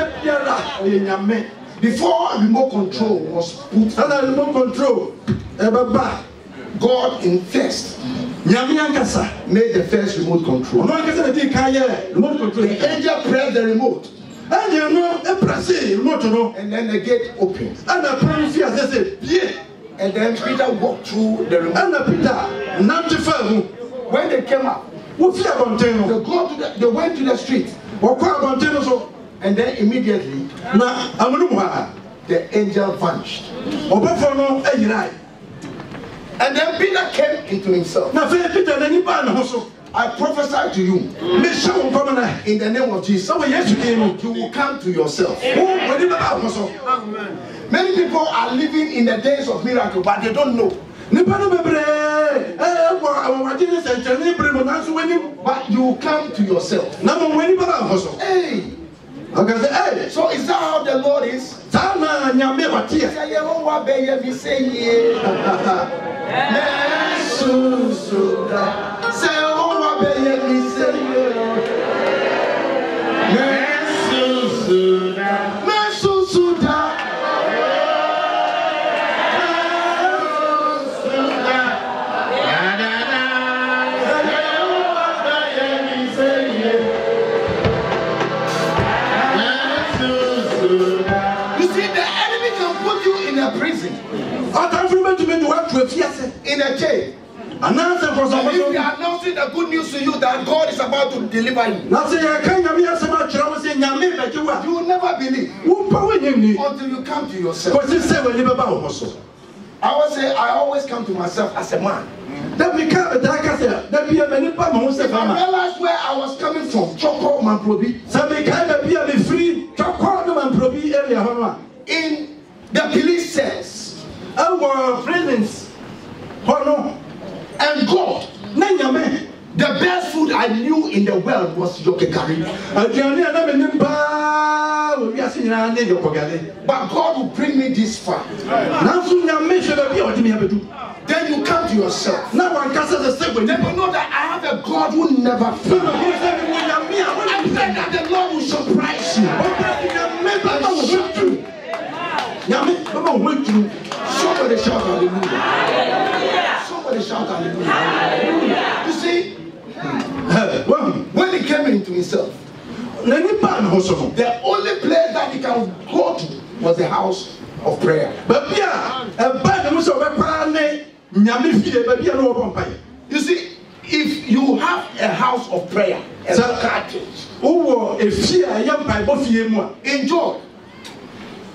Before remote control was put, and remote control, eh, God in first. Nyame ankasa made the first remote control. Ọ̀nà ankasa na ti ka yẹ remote control. The angel pressed the remote. Angel no pressed remote no. And then the gate opened. And pẹ́ẹ́n fi àṣẹ ṣe bíyẹ. And then Peter walked through the remote. And Peter not fẹ́ When they came out. Wọ́n fi àbọ̀ntẹ́ they went to the street immediately na amunum ha the angel vanished. ọbẹfọ náà ẹ yìí and then peter came into himself. na fẹ́ peter náà ní báà náà so. I prophesy to you. Mm. In the name of Jesus. Mm. You will come to yourself. Many people are living in the days of miracle, but they don't know. But you will come to yourself. Hey! so is that how the Lord is? Say oh, in a cave. Anansi nkɔsɔnkɔsɔ. And if we are announcing the good news to you that God is about to deliver you. Na se yɛ ka nyame asɛm atwerɛ wo You will never believe. Wo mpa wo Until you come to yourself. Kò sí sɛ we bɛba wo ho I always say I always come to myself as a man. Then we bɛtaa to sɛ dabi yɛ mɛ nipa ma ho sɛ fama. I realized where I was coming from. Chɔkɔ Mamprobi. Sɛbi we dabi to be firi Chɔkɔ ne Mamprobi area hɔ no a. In the police cells. our prisons hɔno and god na nyame the best food i knew in the world was yokekare aduane a na me nim paa wɔ wiase nyinaa ne yɔkɔgare but god will bring me this far then you come to yourself one na wankasa sɛ sɛ wɔ never know that i have a god who never fail i said that the lord will surprise you along with you. Somebody shout hallelujah. hallelujah. Somebody shout hallelujah. hallelujah. You see, when, he came into himself, the only place that he can go to was the house of prayer. But ah, You see, if you have a house of prayer, a cottage, enjoy.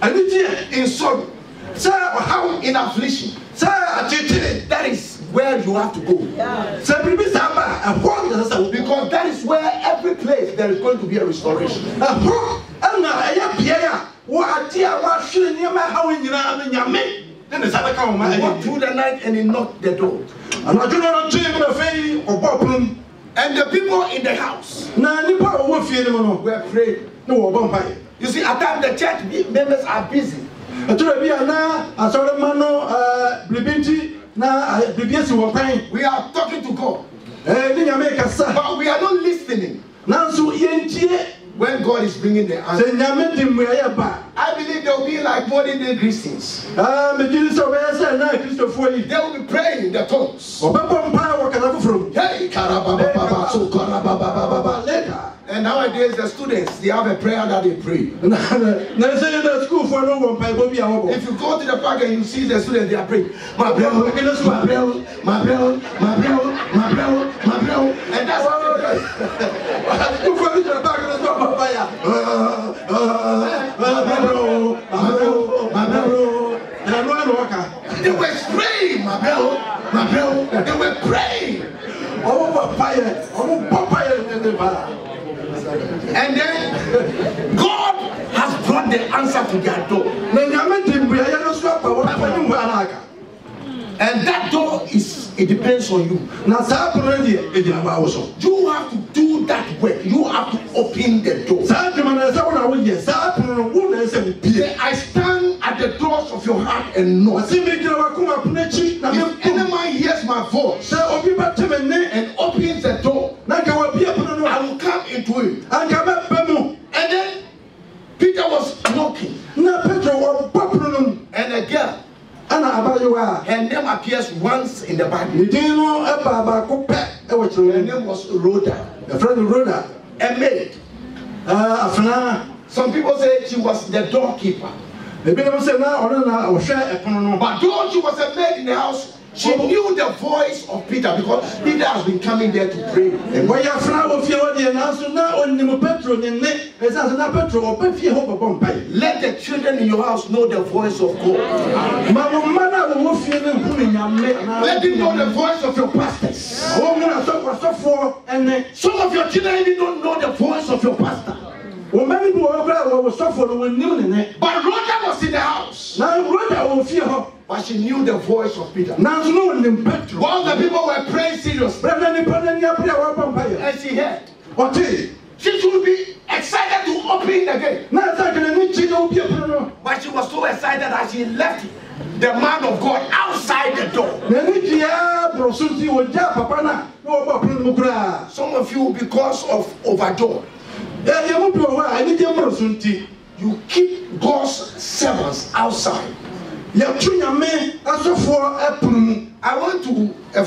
And here in sorrow sɛ how in affliction sɛ atitiri that is where you have to go sɛ biribi saa ba ɛhɔ na sasa wo because that is where every place there is going to be a restoration ɛhɔ ɛna ɛyɛ bea a wɔ adi a wɔahwere nneɛma ɛhaw nyinaa no nyame ne ne nsa bɛka wɔn ma ɛyɛ bi walk through the night and he knocked the door anadwo no tue mu na fɛn ɔbɔ pono and the people in the house na nipa a wɔwɔ fie no mu no were praying na wɔbɔ mpaeɛ you see at times the church members are busy ɛtwerɛ bi a na asɔrema no biribi nti na biribi esi wɔ kwan. we are talking to God. ɛɛ ni nyame kasa. but we are not lis ten ing. nanso yɛn tie. when God is bringing the answer, I believe they'll be like modern day Christians. Ah, they will be praying in the tongues. And nowadays the students they have a prayer that they pray. if you go to the park and you see the students they are praying, my prayer, oh, my prayer, my prayer, my prayer, my prayer, and that's oh, what they do. fire. They were praying, Mabelo, Mabelo. They were praying. Ọmọ bọ fire, ọmọ bọ fire ní ẹni bá. And then God has brought the answer to their door. And that door is it depends on you na saa pono no deɛ egyina baa wo you have to do that work you have to open the door saa adwuma na ɛsɛ wo na woyɛ saa pono no wo ɛsɛ wo pie say i stand at the doors of your heart and knock ɔsi mi gyina wa kuma pono akyi na mi if anyone hears my voice sɛ obi bɛ tɛ mi and opens the door na nka wa bie pono no i will come into it anka bɛ bɛ mu and then peter was knocking na Peter wɔ bɔ pono no and a girl ɛna abayewa a. her name appears once in the bible. ne din no ɛba baako pɛ ɛwɔ kyerɛ wɔn. her name was rhoda. ɛfrɛ friend rhoda. a maid. ɛɛ afena. some people say she was the doorkeeper. ebinom sɛ na ɔno na ɔhwɛ ɛpono no. but though she was a maid in the house. She knew the voice of Peter because Peter has been coming there to pray. And when now, the Petro. Petro, Then your Let the children in your house know the voice of God. My mother, will Let them know the voice of your pastors. Uh, Some of your children even don't know the voice of your pastor wọ́n mẹ́rin bí wọ́n kura wọ́n sọ́fọ̀ ni wọ́n ním nìyẹn. but Roger was in the house. na Roger wọ fie hɔ. but she knew the voice of Peter. na sunu wọ nin Petro. while the people were praying serious. brenda ni brenda ni abiri awọn bọ mpa yẹ. and she heard. ọtí. she should be excited to open the gate. na ẹsẹ kele ni jí ni o bí ẹpẹrẹ náà. but she was so excited that she left the man of God outside the door. Nani jia brosunti wo jia papa na wo ba pere kura. Some of you because of overjoy ɛyɛ mu pɛ hɔ a anigye mmerɛ so nti you keep God's servants outside yɛtu nyame asɔfoɔ ɛpono mu I went to a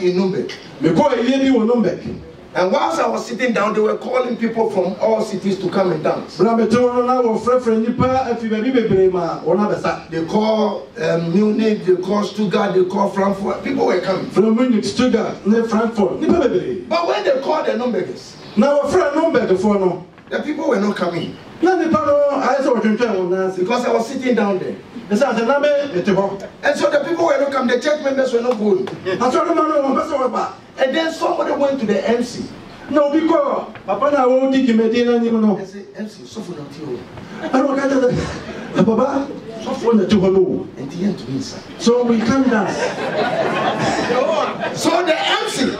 in Nuremberg mekɔ ɛyɛ bi wɔ Nuremberg. And whilst I was sitting down, they were calling people from all cities to come and dance. They call um, Munich, they call Stuttgart, they call Frankfurt. People were coming. From Munich, Stuttgart, Frankfurt. But when they called the numbers, na wɔfrɛ no bɛdfoɔ no the people were not coming na nipa no ayɛ sɛ wɔtwentwɛn wɔn nan ase because i was sitting down there ɛsɛ asɛ na bɛ ɛte and so the people were not coming the church members were not going asɔrɔma no wɔn pɛ sɛ wɔba and then somebody went to the mc na obi kɔ papa na wɔn di dwumadi n'anim no ɛsɛ mc sɔfo na ti o ɛna wɔka kyerɛ sɛ ɛbaba sɔfo na ti hɔ no and the end to me sir so we calm down so the mc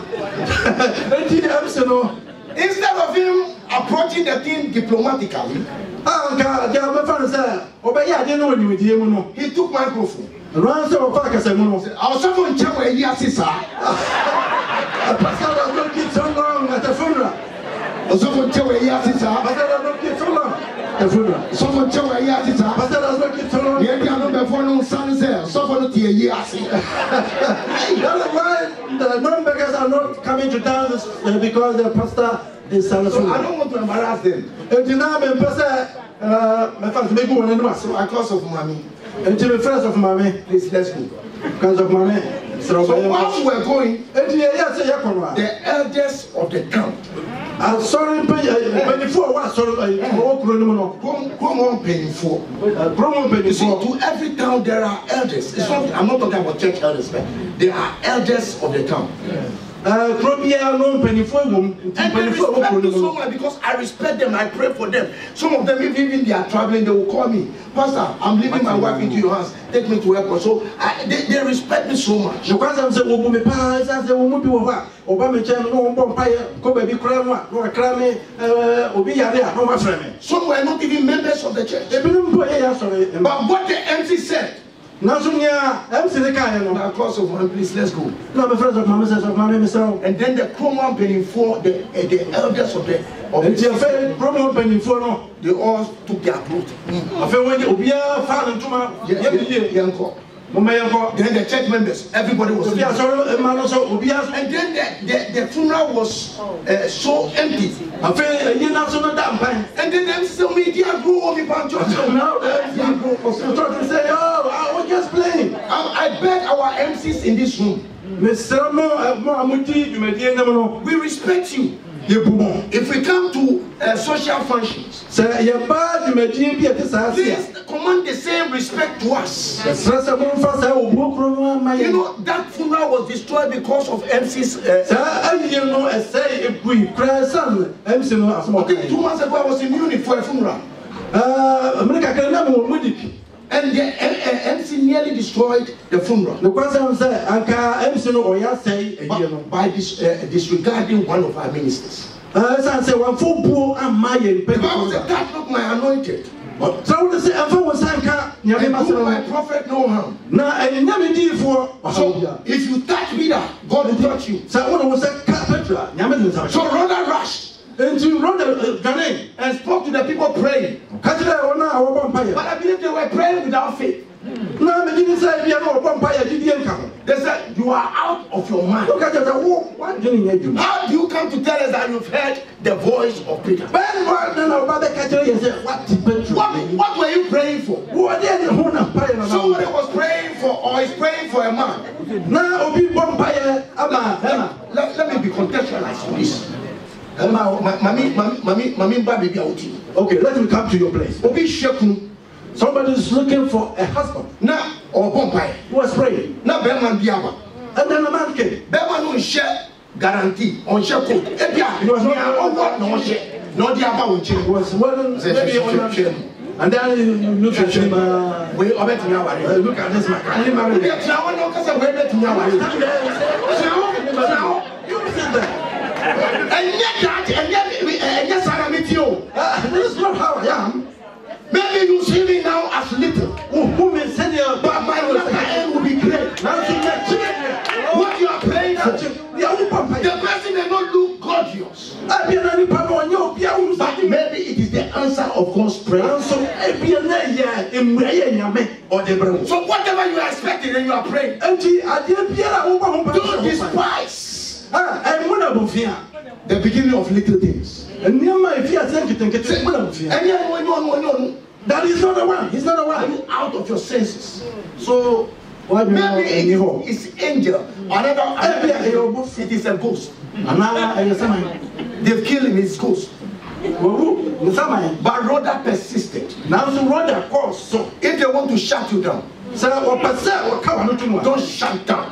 eti mc no instead of him approaching the thing diplomatically. ah anka jẹ ọbẹfa ni sẹ ọbẹ yẹ adi ni onimidie you no. he took microphone. ran sẹ ọfa akẹsẹ mu no. ọsọfọ nkyẹn wọ ẹyí ase saa. pastor ọdọ kìí tó lọrùn ẹtẹ fúnra. ọsọfọ nkyẹn wọ ẹyí ase saa. pastor ọdọ kìí tó lọrùn efura. sɔfɔ kyɛw ɛyɛ ati ta. pastor that's not the toro. yɛn di ano bɛfɔ no nsan sɛ sɔfɔ no tiɛ yi ase. that's why the non-beggars are not coming to dance eh, because the pastor is satisfied. so i don't want to embarrass them. eti naa mi mpɛ sɛ mɛ fa mi gu wɔn anim ase. so i cause of maami. eti mi first of maami. please let's go. because of maami. So while we're going, the elders of the camp. I'm sorry, mpanyinfo a wà sọrin ẹ̀ wọ́n kúrò ní mu nọ. Kuromo to every town there are elders. It's not I'm not talking about church elders but there are elders of the town. Yeah. Eh, kuro biara no mpanyinfoɔ wɔ mu mpanyinfoɔ wɔ kuro no mu. and they respect me so much because i respect them i pray for them some of them if even they are traveling, they will call me pastor i'm leaving my wife into your hands take me to airport so i they they respect me so much. nǹkan sàm sẹ wọ́n bu mi paa sàm sẹ wọ́n mu bi wọ hɔ a ọba mi kyɛn no wọ́n bɔ mpa yɛ kɔ baabi kura mu a na ɔkra mi ɛɛ eh, obi yare a na ɔba fɛrɛ mi. some were not even members of the church. ebinom bɔ eya sɔrɔ. but what the MC said nanso nea mc de kaeɛ no na call please let's go na mefrɛ sɔfmame sɛ sɔfmame mesrɛ and then the cromwell mpanimfoɔ the uh, the elders of the nti afei cromwell mpanimfoɔ no they all took their I feel when cloth afei wɔnyɛ obiara two ne ntoma yɛmeyie yɛnkɔ mo mẹyẹ then the church members everybody was. obi asọrọ ema lọ sọ obi asọ. and then the the the funeral was uh, so empty. afẹ ẹyin eh, náà sọ dá mpa yẹn. and then dem sọ mi di agro omi pa jọ. now dem di agro ọsọ tó ti sẹ i was just play. Um, I, I beg our MCs in this room. mesrɛ mo eh, mo a modi we respect you yɛbumu. if we come to uh, social functions. sɛ yɛ ba dwumadie bi a ti saa se a. please command the same respect to us. ɛsɛ sɛ mo n fa saa obuo kuro no ama yɛ. you know that funeral was destroyed because of mc's. Uh, saa ayie no ɛsɛ ebui kura san mc no asomɔkan. okay two months ago i was in munich for a funeral. ɛɛ mene kakra na mo wɔ munich and the MC nearly destroyed the funeral. Nkwasa sɛ anka MC no ɔyɛ asɛe ɛdiɛ By dis uh, disregarding one of our ministers. Uh, I Ɛsan sɛ wafo buo ama yɛn pɛ. The Bible said, "Cast not my anointed." So I sɛ ɛfɛ wɔ sanka nyame ma sɛ my prophet no harm. Na ɛyɛ eh, nyame diifoɔ. So if you touch me, that God will touch you. So I wɔ sɛ ka Petra nyame de So rather rush. And Nti run the Ghanaian and spoke to the people praying. But I believe they were praying without faith. Náà mi jíjí sẹ́yìn bíyẹn náà wọ́n bọ̀ They said you are out of your mind. Ó kájà sẹ́ wọ́n wọ́n dín ìyẹn jù. How do you come to tell us that you've heard the voice of Peter? Bẹ́ẹ̀ni wọ́n ní na ọba bẹ́ẹ̀ kájà yẹn What what were you praying for? Wọ́n díẹ̀ ni hún náà mpáyà náà. Somebody was praying for or is praying for a man. Now obi bọ̀ mpáyà ama Let me be contextualized on this. Mami, mami, mami, mami, Okay, let me come to your place. Obi Shekunu. Somebody is looking for a husband. Na or Pompai. Who was praying? Na Now, Berman Biaba. And then a man came. Berman will share guarantee on Shekunu. Ebia, he was not on what no share. No, the other one change. Was well, maybe on him. And then you look at him. We are betting now. Look at this man. Can you marry me? Now, I know because I'm betting now. You sit there ɛnyɛ that ɛnyɛ ɛnyɛ sara mi ti o ah, this is not how I am maybe you see me now as little. ohun mi sẹ́ni ẹ̀ bá my latter end will be great. na ti kẹ́ kí what you are praying for. yàwó pàpà yìí. the person dey not look gorgeous. ẹbí ẹ̀ ní pàpà wọn yẹ òbí àwùjọ. but maybe it is the answer of God's prayer. ẹnso ẹbí ẹ̀ yẹ èmùrẹ́ yẹ nyàmé ọ̀dẹ̀ bẹ̀rẹ̀ wọn. so whatever you are expecting and you are praying. ẹ ti adé bíyàrá wọn bá wọn bá wọn. don't despise ɛmu ah, eh, na bu fia. the beginning of little things. nneɛma efi ase nketenkete mu na bu fia. ɛni ɛni wɔnyi ɔnu wɔnyi ɔnu. that is not the one he is not the one. you out of your senses. so maybe it is angel another eh, another it is a ghost. another ɛyɛ saman. they kill him his ghost. But rather persisted. Now, rather cause. So, if they want to shut you down, to don't shut down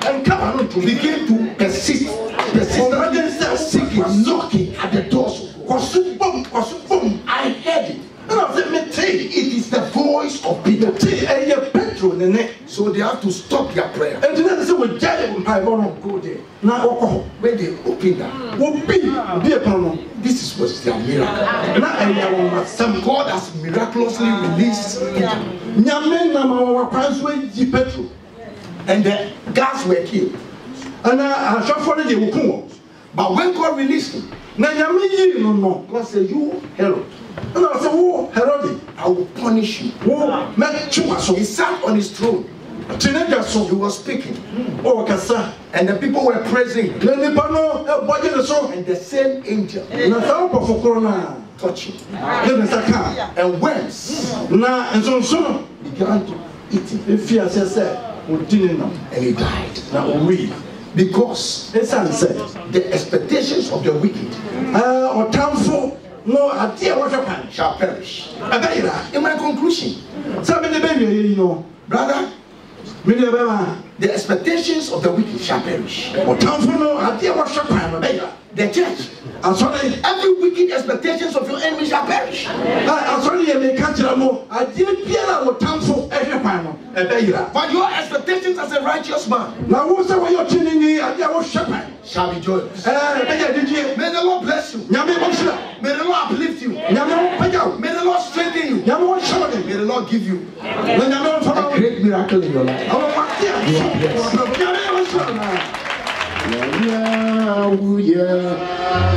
ɛnka wano to begin to persist persist ɔmɔden sɛ seeking knocking at the doors kɔsu bom kɔsu bom I heard it And I said, me it is the voice of Peter. So they have to stop their prayer. And then they say, we jail my mom. Go there. Now, when they open that, open, be a problem. This is what their miracle. Now, and I want some God has miraculously released Peter. Nyame na mawawa kwanswe yi Petro. And the guards were killed. And I shot for the But when God released him, now Nyame yi no God said, you, Herod. And I said, Whoa, Herod, I will punish you. Whoa, Melchizedek. So he sat on his throne. Teenager, so he was speaking. Hmm. Oh, Kasa. And the people were praising. And the same angel. Touch him. And whence? Hmm. Now, and so, so began to eat him. If he has said, and he died. Now, we because the son said the expectations of the wicked uh, or harmful no adeɛ wɔhwɛ kwan shall perish ɛbɛyera in my conclusion sɛ mene baby, you know, brother mene ɛbɛma the expectations of the wicked shall perish But ɔtamfo no adeɛ wɔhwɛ kwan no ɛbɛyera the church. And suddenly, every wicked expectations of your enemy shall perish. And suddenly, you may catch them all. I didn't fear that would come for every man. But your expectations as a righteous man. Now, who say what you're telling me? I will shepherd. Shall be joyous. Eh, may the Lord bless you. May the Lord uplift you. May the Lord strengthen you. May the Lord give you a great miracle in your life. You are blessed. yeah, yeah,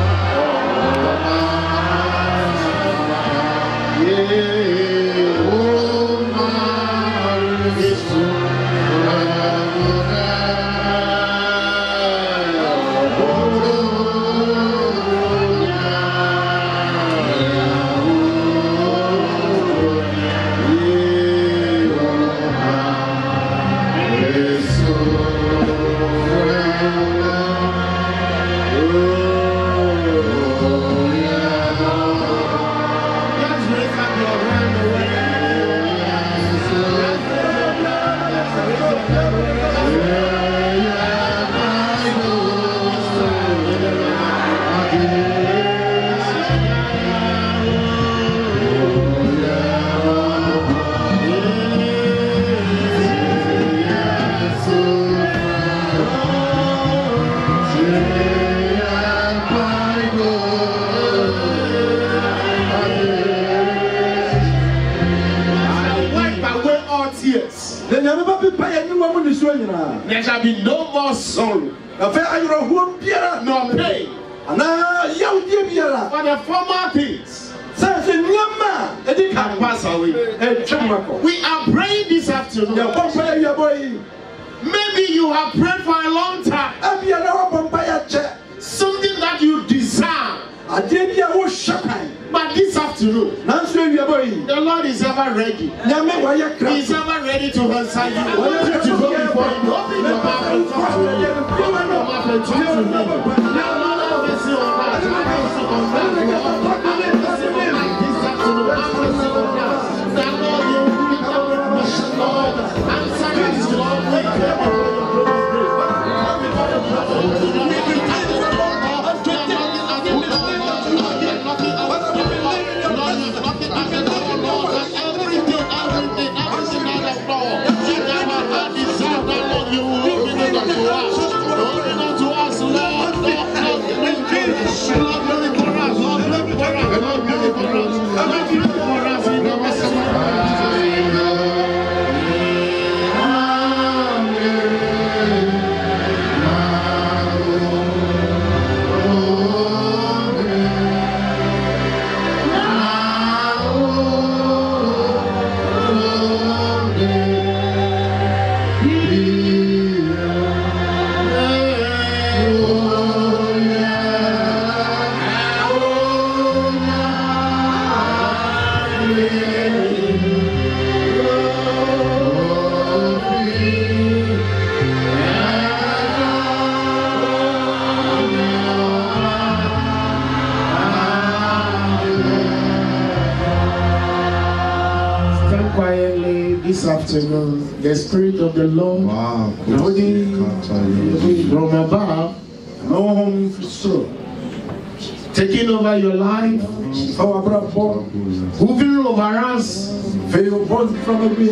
moving over us, from every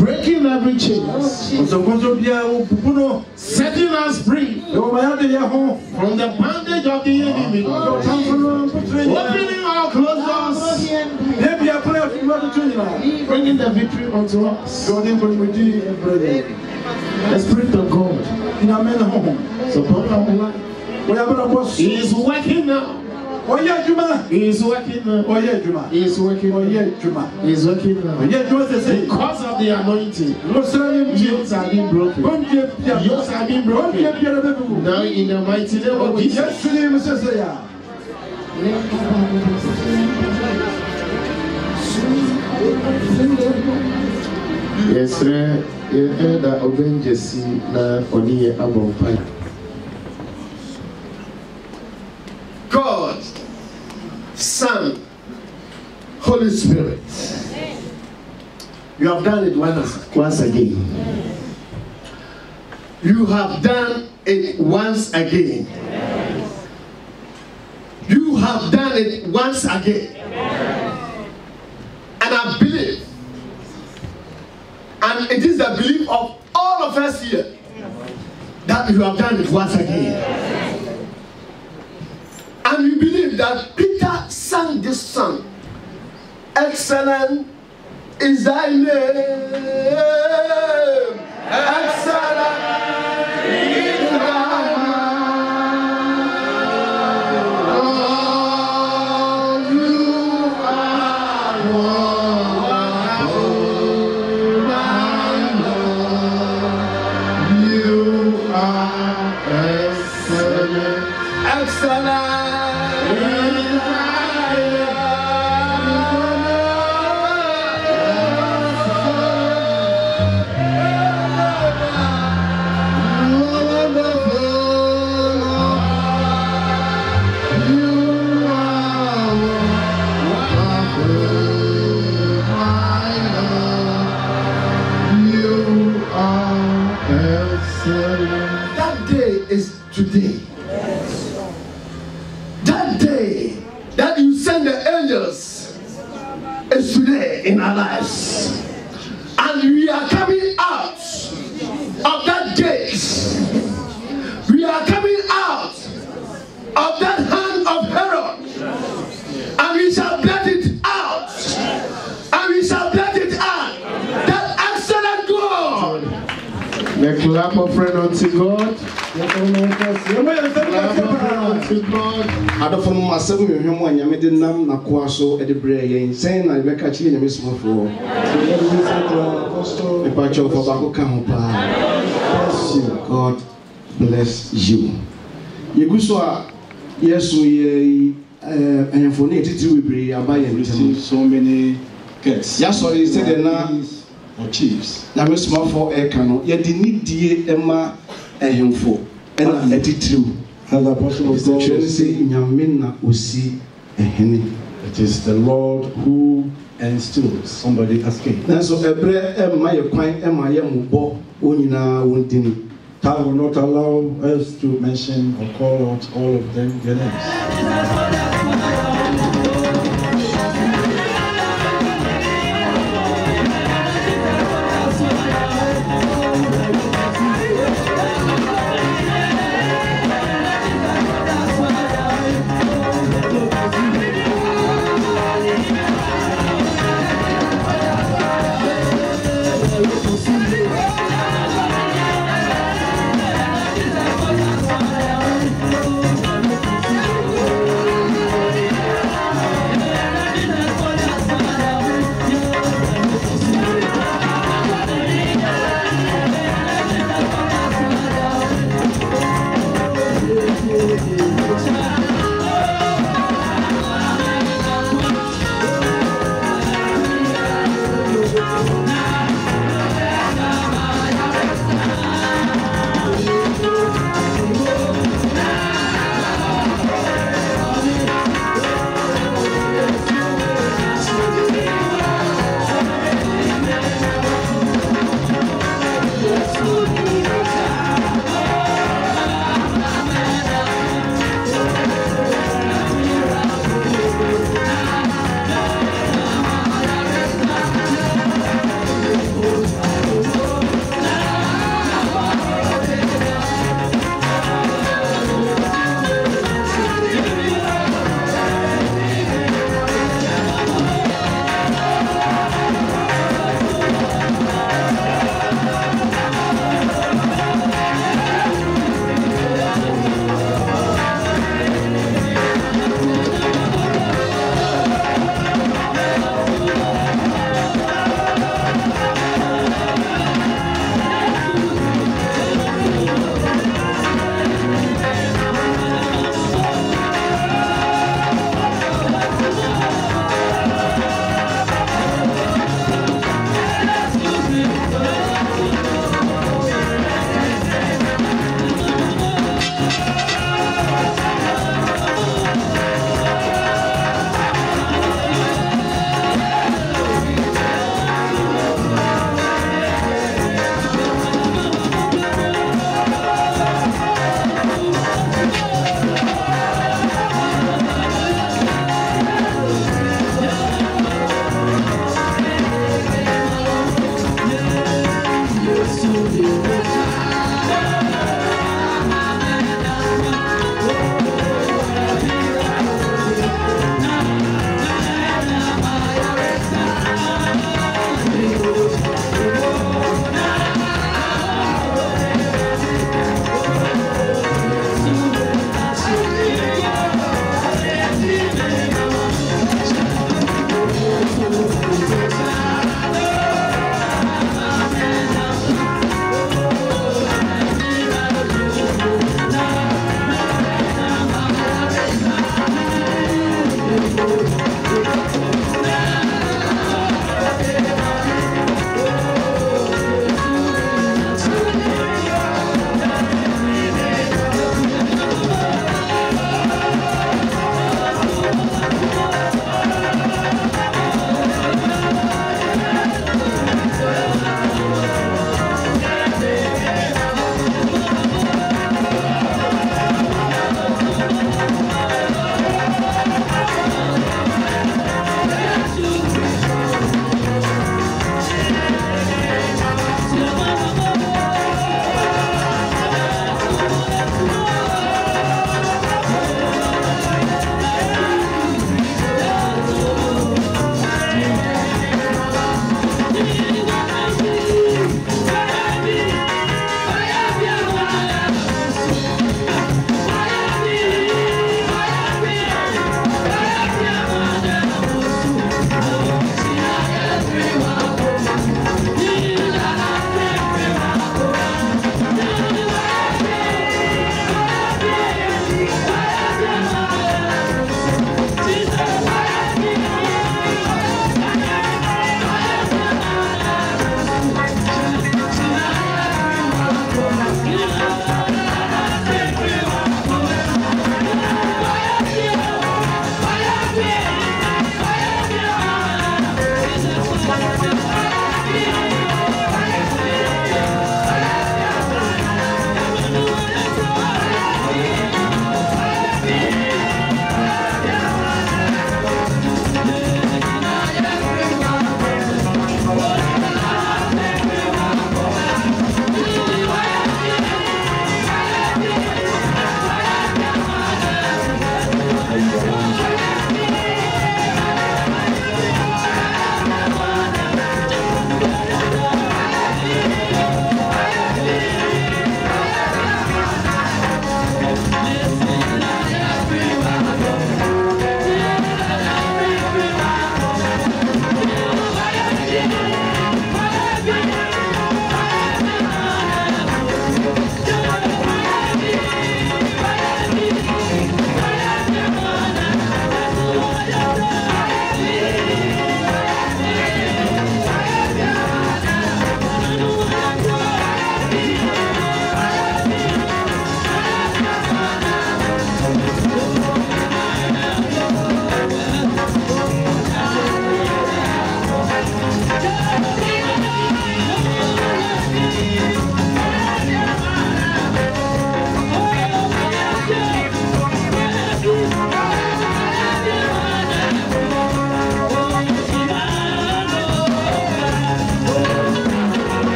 breaking every chain, setting us free from the bondage of the enemy, opening our closed doors, bringing the victory unto us. The Spirit of God. He is working now. Oyè Juma. He is working now. Oyè Juma. He is working. Oyè Juma. He is working now. Oyè Juma sese. Because of the anointing. Lọ́sọ̀rọ̀ yóò have been broken. Oúnjẹ bíi yóò have been broken. Oúnjẹ bíi ẹ̀rọ bẹ́ẹ̀ bù. Now in the mighty name of Jesus. Jésù ni mo ṣẹ̀ṣẹ̀ yà. Yɛsrɛ yɛhwɛ da ɔbɛngyesi na ɔne yɛ abɔ mpae. Son, Holy Spirit. You have done it once, once again. You have done it once again. You have done it once again. And I believe, and it is the belief of all of us here, that you have done it once again. And we believe that Peter sang this song. Excellent is thy name. Excellent. The clap offering unto God. adɔfo no asɛm nwehwɛ mu a nyame de nam nakoa so de brɛ yɛn sɛn na yɛbɛka kyerɛ nyame somafoɔ mepakyɛ wofɔ baako ka ho paa god bless you yɛgu so a yɛso yɛ ahemfo ne yɛtitiri bebree aba yɛn ntam yɛasɔre sɛdeɛ na chiefs nyame somafo ɛka eh, no yɛde nidie eh, ma ɛhemfo ɛna ɛtitiriw ɛtitiriw sɛ nyame na osi ɛhene eh, it is the lord who instills somebody asking. king so ɛbrɛ ɛma yɛ kwan ɛma yɛ mo bɔ wɔn nyinaa will not allow us to mention or call out all of them their names.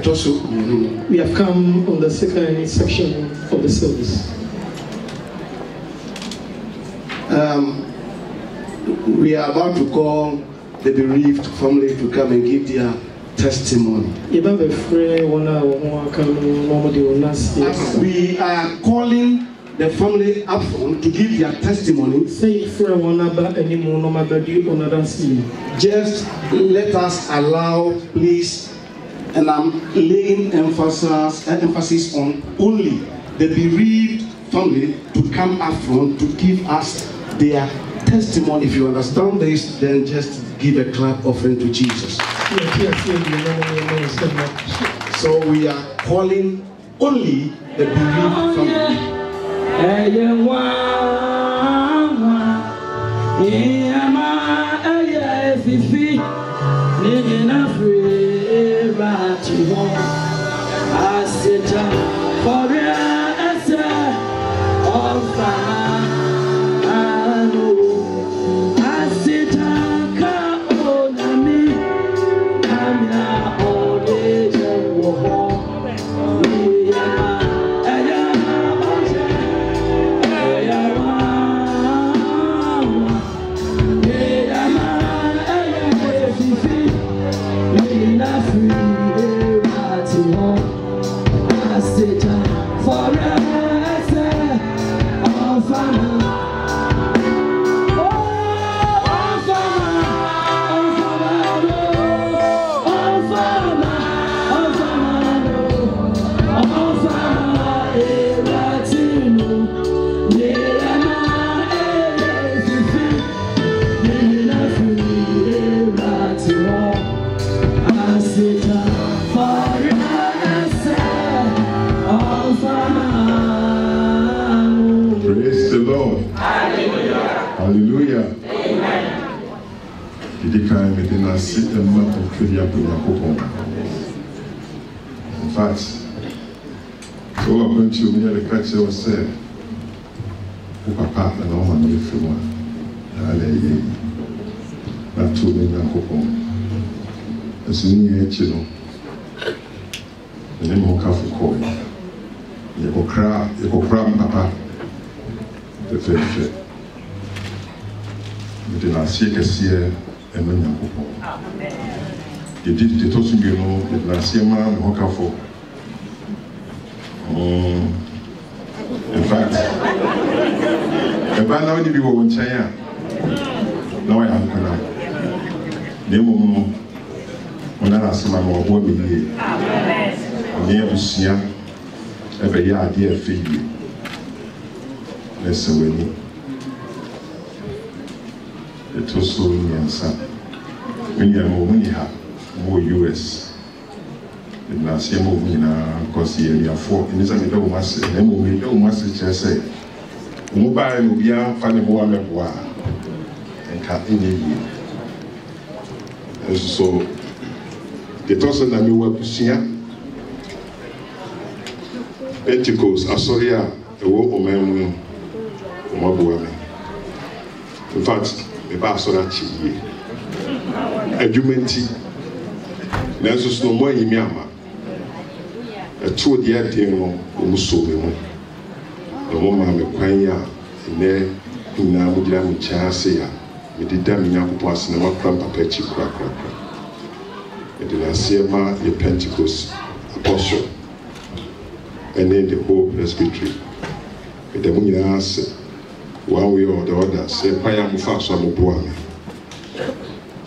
ɛtɔ we have come on the second section of the service um, we are about to call the bereaved family to come and give their testimony. Uh, we are calling the family up front to give their testimony. Just let us allow, please, and I'm laying emphasis, emphasis on only the bereaved family to come up front to give us their testimony. If you understand this, then just give a clap offering to Jesus. So we are calling only the bereaved family to warn fɛdi akɔ nyankopɔn infact sɛ wowɔ akwantuo mu yɛde ka kyerɛ wo sɛ wo papa ana woma no yɛfiri mu a naala ɛyɛ nato ne nyankopɔn ɛso ne nyɛ akyi no ɛne ma wokafo kɔɔ yɛkɔkra yɛkɔkora mpapa fɛfɛɛfɛ mede naaseɛ kɛseɛ ɛno nyankopɔn dede dede tɔ so mmienu yɛde n'aseɛ ma ne ho kafo in fact ɛbaa na wɔde bi wɔ wɔn nkyɛn a na wɔyɛ ankora na mmom no wɔn na asɛm ama wɔboa mi yie ɔne abusua ɛbɛyɛ adeɛ ɛfɛ yie na ɛsɛ w'ani ɛtɔ so mmiɛnsa me nuanom wɔn ni ha wo us na se ma wo nyinaa kɔsi awiafoɔ ɛne sɛ meda wo mu ase na mmom meda wo mu ase kyerɛ sɛ wo mu baeɛ na obiara fa ne boa mɛboa a nka ɛnyɛ yie nso so yɛtɔ so na mewɔ abusua pentecost asɔre a ɛwɔ ɔman mu no ɔmaboa me in fact meba asɔre akyi yie adwuma nti nanso so na ɔmo anyimi ama ɛtoo deɛ ɛden no ɔmo so mi mu na ɔmo maa mi kwan yi a nnɛ nyinaa mo gyina mo nkyɛn ase a mede da me nyankopɔn ase na makora mpapa akyi korakorakora mede naseɛ ma yɛ pentecost apostle ɛne the whole presbytery meda mo nyinaa ase one way or the other sɛ kwan a mofa so a moboa me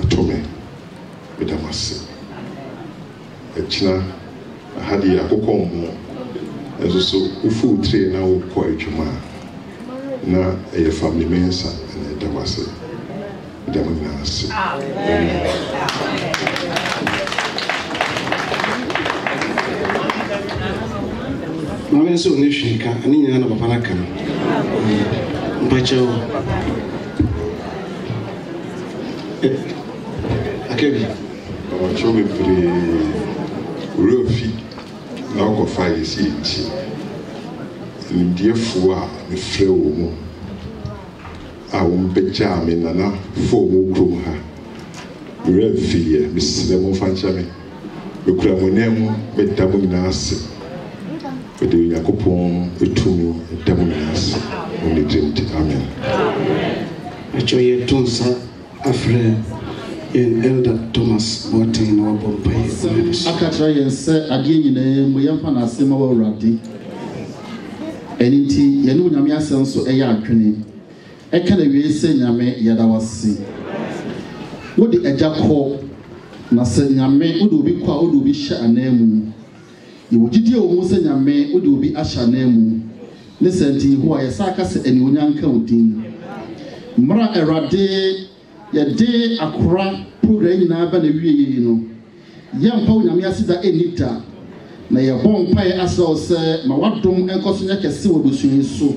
atụme bedamasị ɛkyina aha deɛ akokɔ mmoɔ ɛnso so wofu tire na wokɔ adwuma a na ɛyɛ family mensa ɛna ɛda w ase da mo nyinaa ase maame nso ɔne hwee ka nyinaa na papa no aka no mpakyɛw kẹ́bi ọ̀rọ̀ tí ó mi pèrè orí òfin na ɔkɔfa yɛ sɛ ɛnti nimdeɛfoɔ a mefrɛ wɔ mu a wɔmbɛgyaa me nana fo wɔ mu kurom ha werɛ mfiriɛ mesrɛ mo mfa nkyɛ me mekura mo nan mu meda mo nyinaa ase mede onyankopɔn ɛtumi ɛda mo nyinaa ase ɔne dirim nti amen ɛkyɛ yɛ to nsa afrɛ in eh, Elder Thomas Boateng na ọbụ mpa ya ekwumebuso. aka kyerɛ yɛn sɛ adeɛ nyinaa mu yɛmfa n'asɛm awɔ awurade ɛne nti yɛne onyame asɛm nso ɛyɛ atwene ɛka na wie sɛ nyame yɛda wase wode agya kɔ na sɛ nyame wode obi kɔ a wode obi hyɛ anan mu yɛwɔ gyidie wɔ mu sɛ nyame wode obi ahyɛ anan mu ne sɛ nti a yɛsa aka sɛ anionyam ka wo din mmara awurade yɛde akora program nyinaa ba na wie yi no yɛmpa onyame ase da ɛnni da na yɛbɔ mpaeɛ asrɛ wo sɛ ma wadom nkɔ so nyɛ kɛse wɔ abusua yi so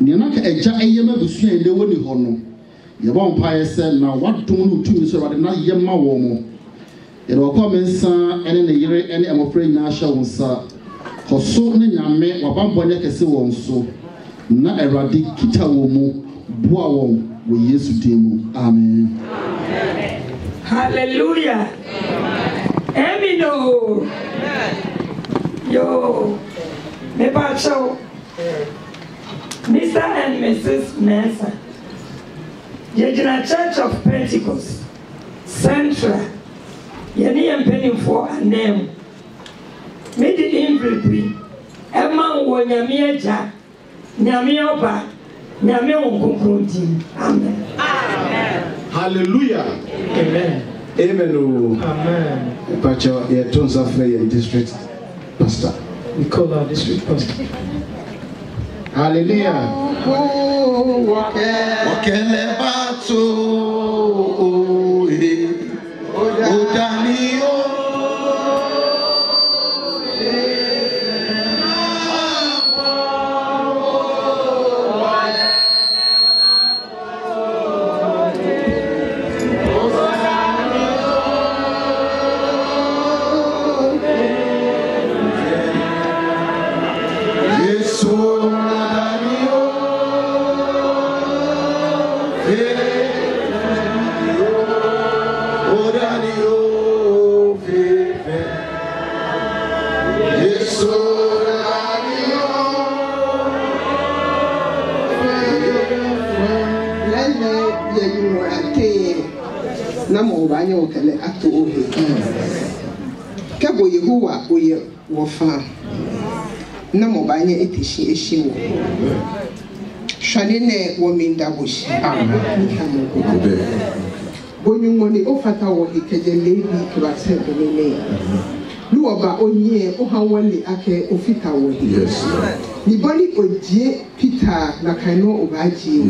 nea na ka agya ɛyɛ ma abusua yi na ɛwɔ ne hɔ no yɛbɔ mpaeɛ sɛ na wadom no wotumi so awurade na yɛ ma wɔn mo yɛde wɔkɔ me nsa ne ne yere ne mmɔfra nyinaa hyɛ wɔn nsa kɔ so ne nyame wabanbɔ nyɛ kɛse wɔn so na awurade kita wɔn mu boa wɔn wɔ yesu din mu amen hallelujah ɛmi no yo mepakyɛw mr and mrs mensa yɛgyina church of pentecost central yɛne yɛn mpanimfoɔ anan mu mede envelope yi ɛma wɔ nyame agya nyame ɔba nyame wo nkonkron din amen hallelujah amen amen o pakyɛ yɛto nsa frɛ yɛn district pastor we call our district pastor hallelujah wɔkɛlɛ bato o to ohe kɛbɔ yehowa oyɛ wɔfa na mɔbanyɛ etesi esi wɔ hwane nɛ wɔmenda bosi bonyumoni ofata wɔ ikɛgyɛ leebi kurasɛ domene ne wɔba onyiɛ ohanwale akɛ ofita wɔ hi nibɔni ogyie pi Peter na ji kaino obaji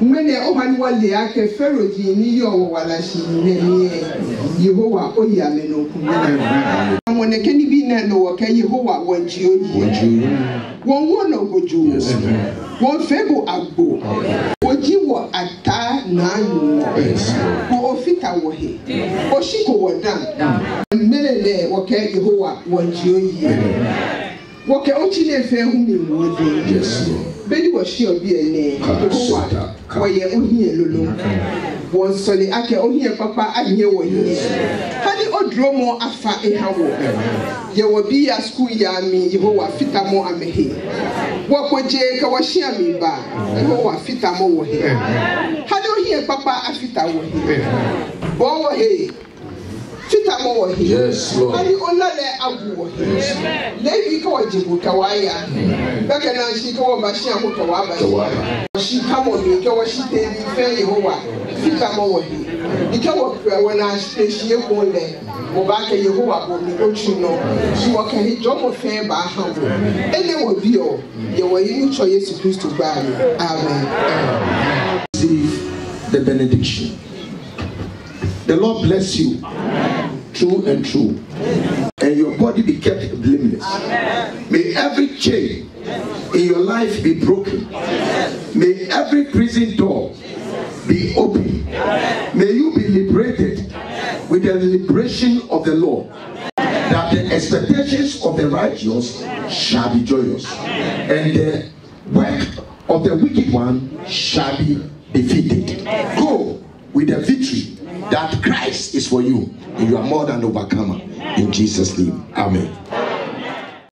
mmene ohani wale yake Pharaoh ji ni yo wala shi ne ni e. Yehova oyi ameno kumene amwoneke ni bi na no waka Yehova wanji oyi won wona ogoju won bụ agbo oji wo ata na ayo ko ofita wọ he oshiko wo dan mmene ne waka Yehova wanji oyi wɔkɛ ɔkyi ne fɛn ho ne mu ɔdi bɛdi wɔhyi ɔbi ɛnɛ ɛkɔwa wɔyɛ ɔhiɛ lolo mm. wɔn nsɔle akɛ ɔhiɛ papa ahiɛ wɔ hiɛ kadi ɔduro mu afa ɛha wɔ yɛwɔ bi ya sukuu ya mi yɛwɔ wa fita mu amɛhe wɔkɔgye ka wɔhyi ami ba yɛwɔ wa fita mu wɔ hiɛ kadi ɔhiɛ papa afita wɔ hiɛ bɔɔ wɔ hiɛ. Peter mo wɔ he. Yes Lord. Ayi onale abu wɔ he. Levi ka wɔ jibu ka wɔ aya. Bɛka na si ka wɔ machine ko ka wɔ aba si. Wɔ si ka wɔ mi ka wɔ si tebi fɛn yi ho wa. Peter mo wɔ he. Ike wɔ pɛ wɔ na ehyia ko lɛ. Wɔ ba ka Yehowa bɔ mi o tu no. Si wɔ ka he jɔn mo fɛn ba ha wo. Ɛnɛ wɔ bi o. Yɛ wɔ yi ni tɔ Yesu Kristo gba yi. Amen. Receive the benediction. The Lord bless you. Amen. true and true. And your body be kept blameless. May every chain in your life be broken. May every prison door be open. May you be liberated with the liberation of the Lord. That the expectations of the righteous shall be joyous. And the work of the wicked one shall be defeated. Go with the victory that Christ is for you. And you are more than overcomer. In Jesus' name. Amen.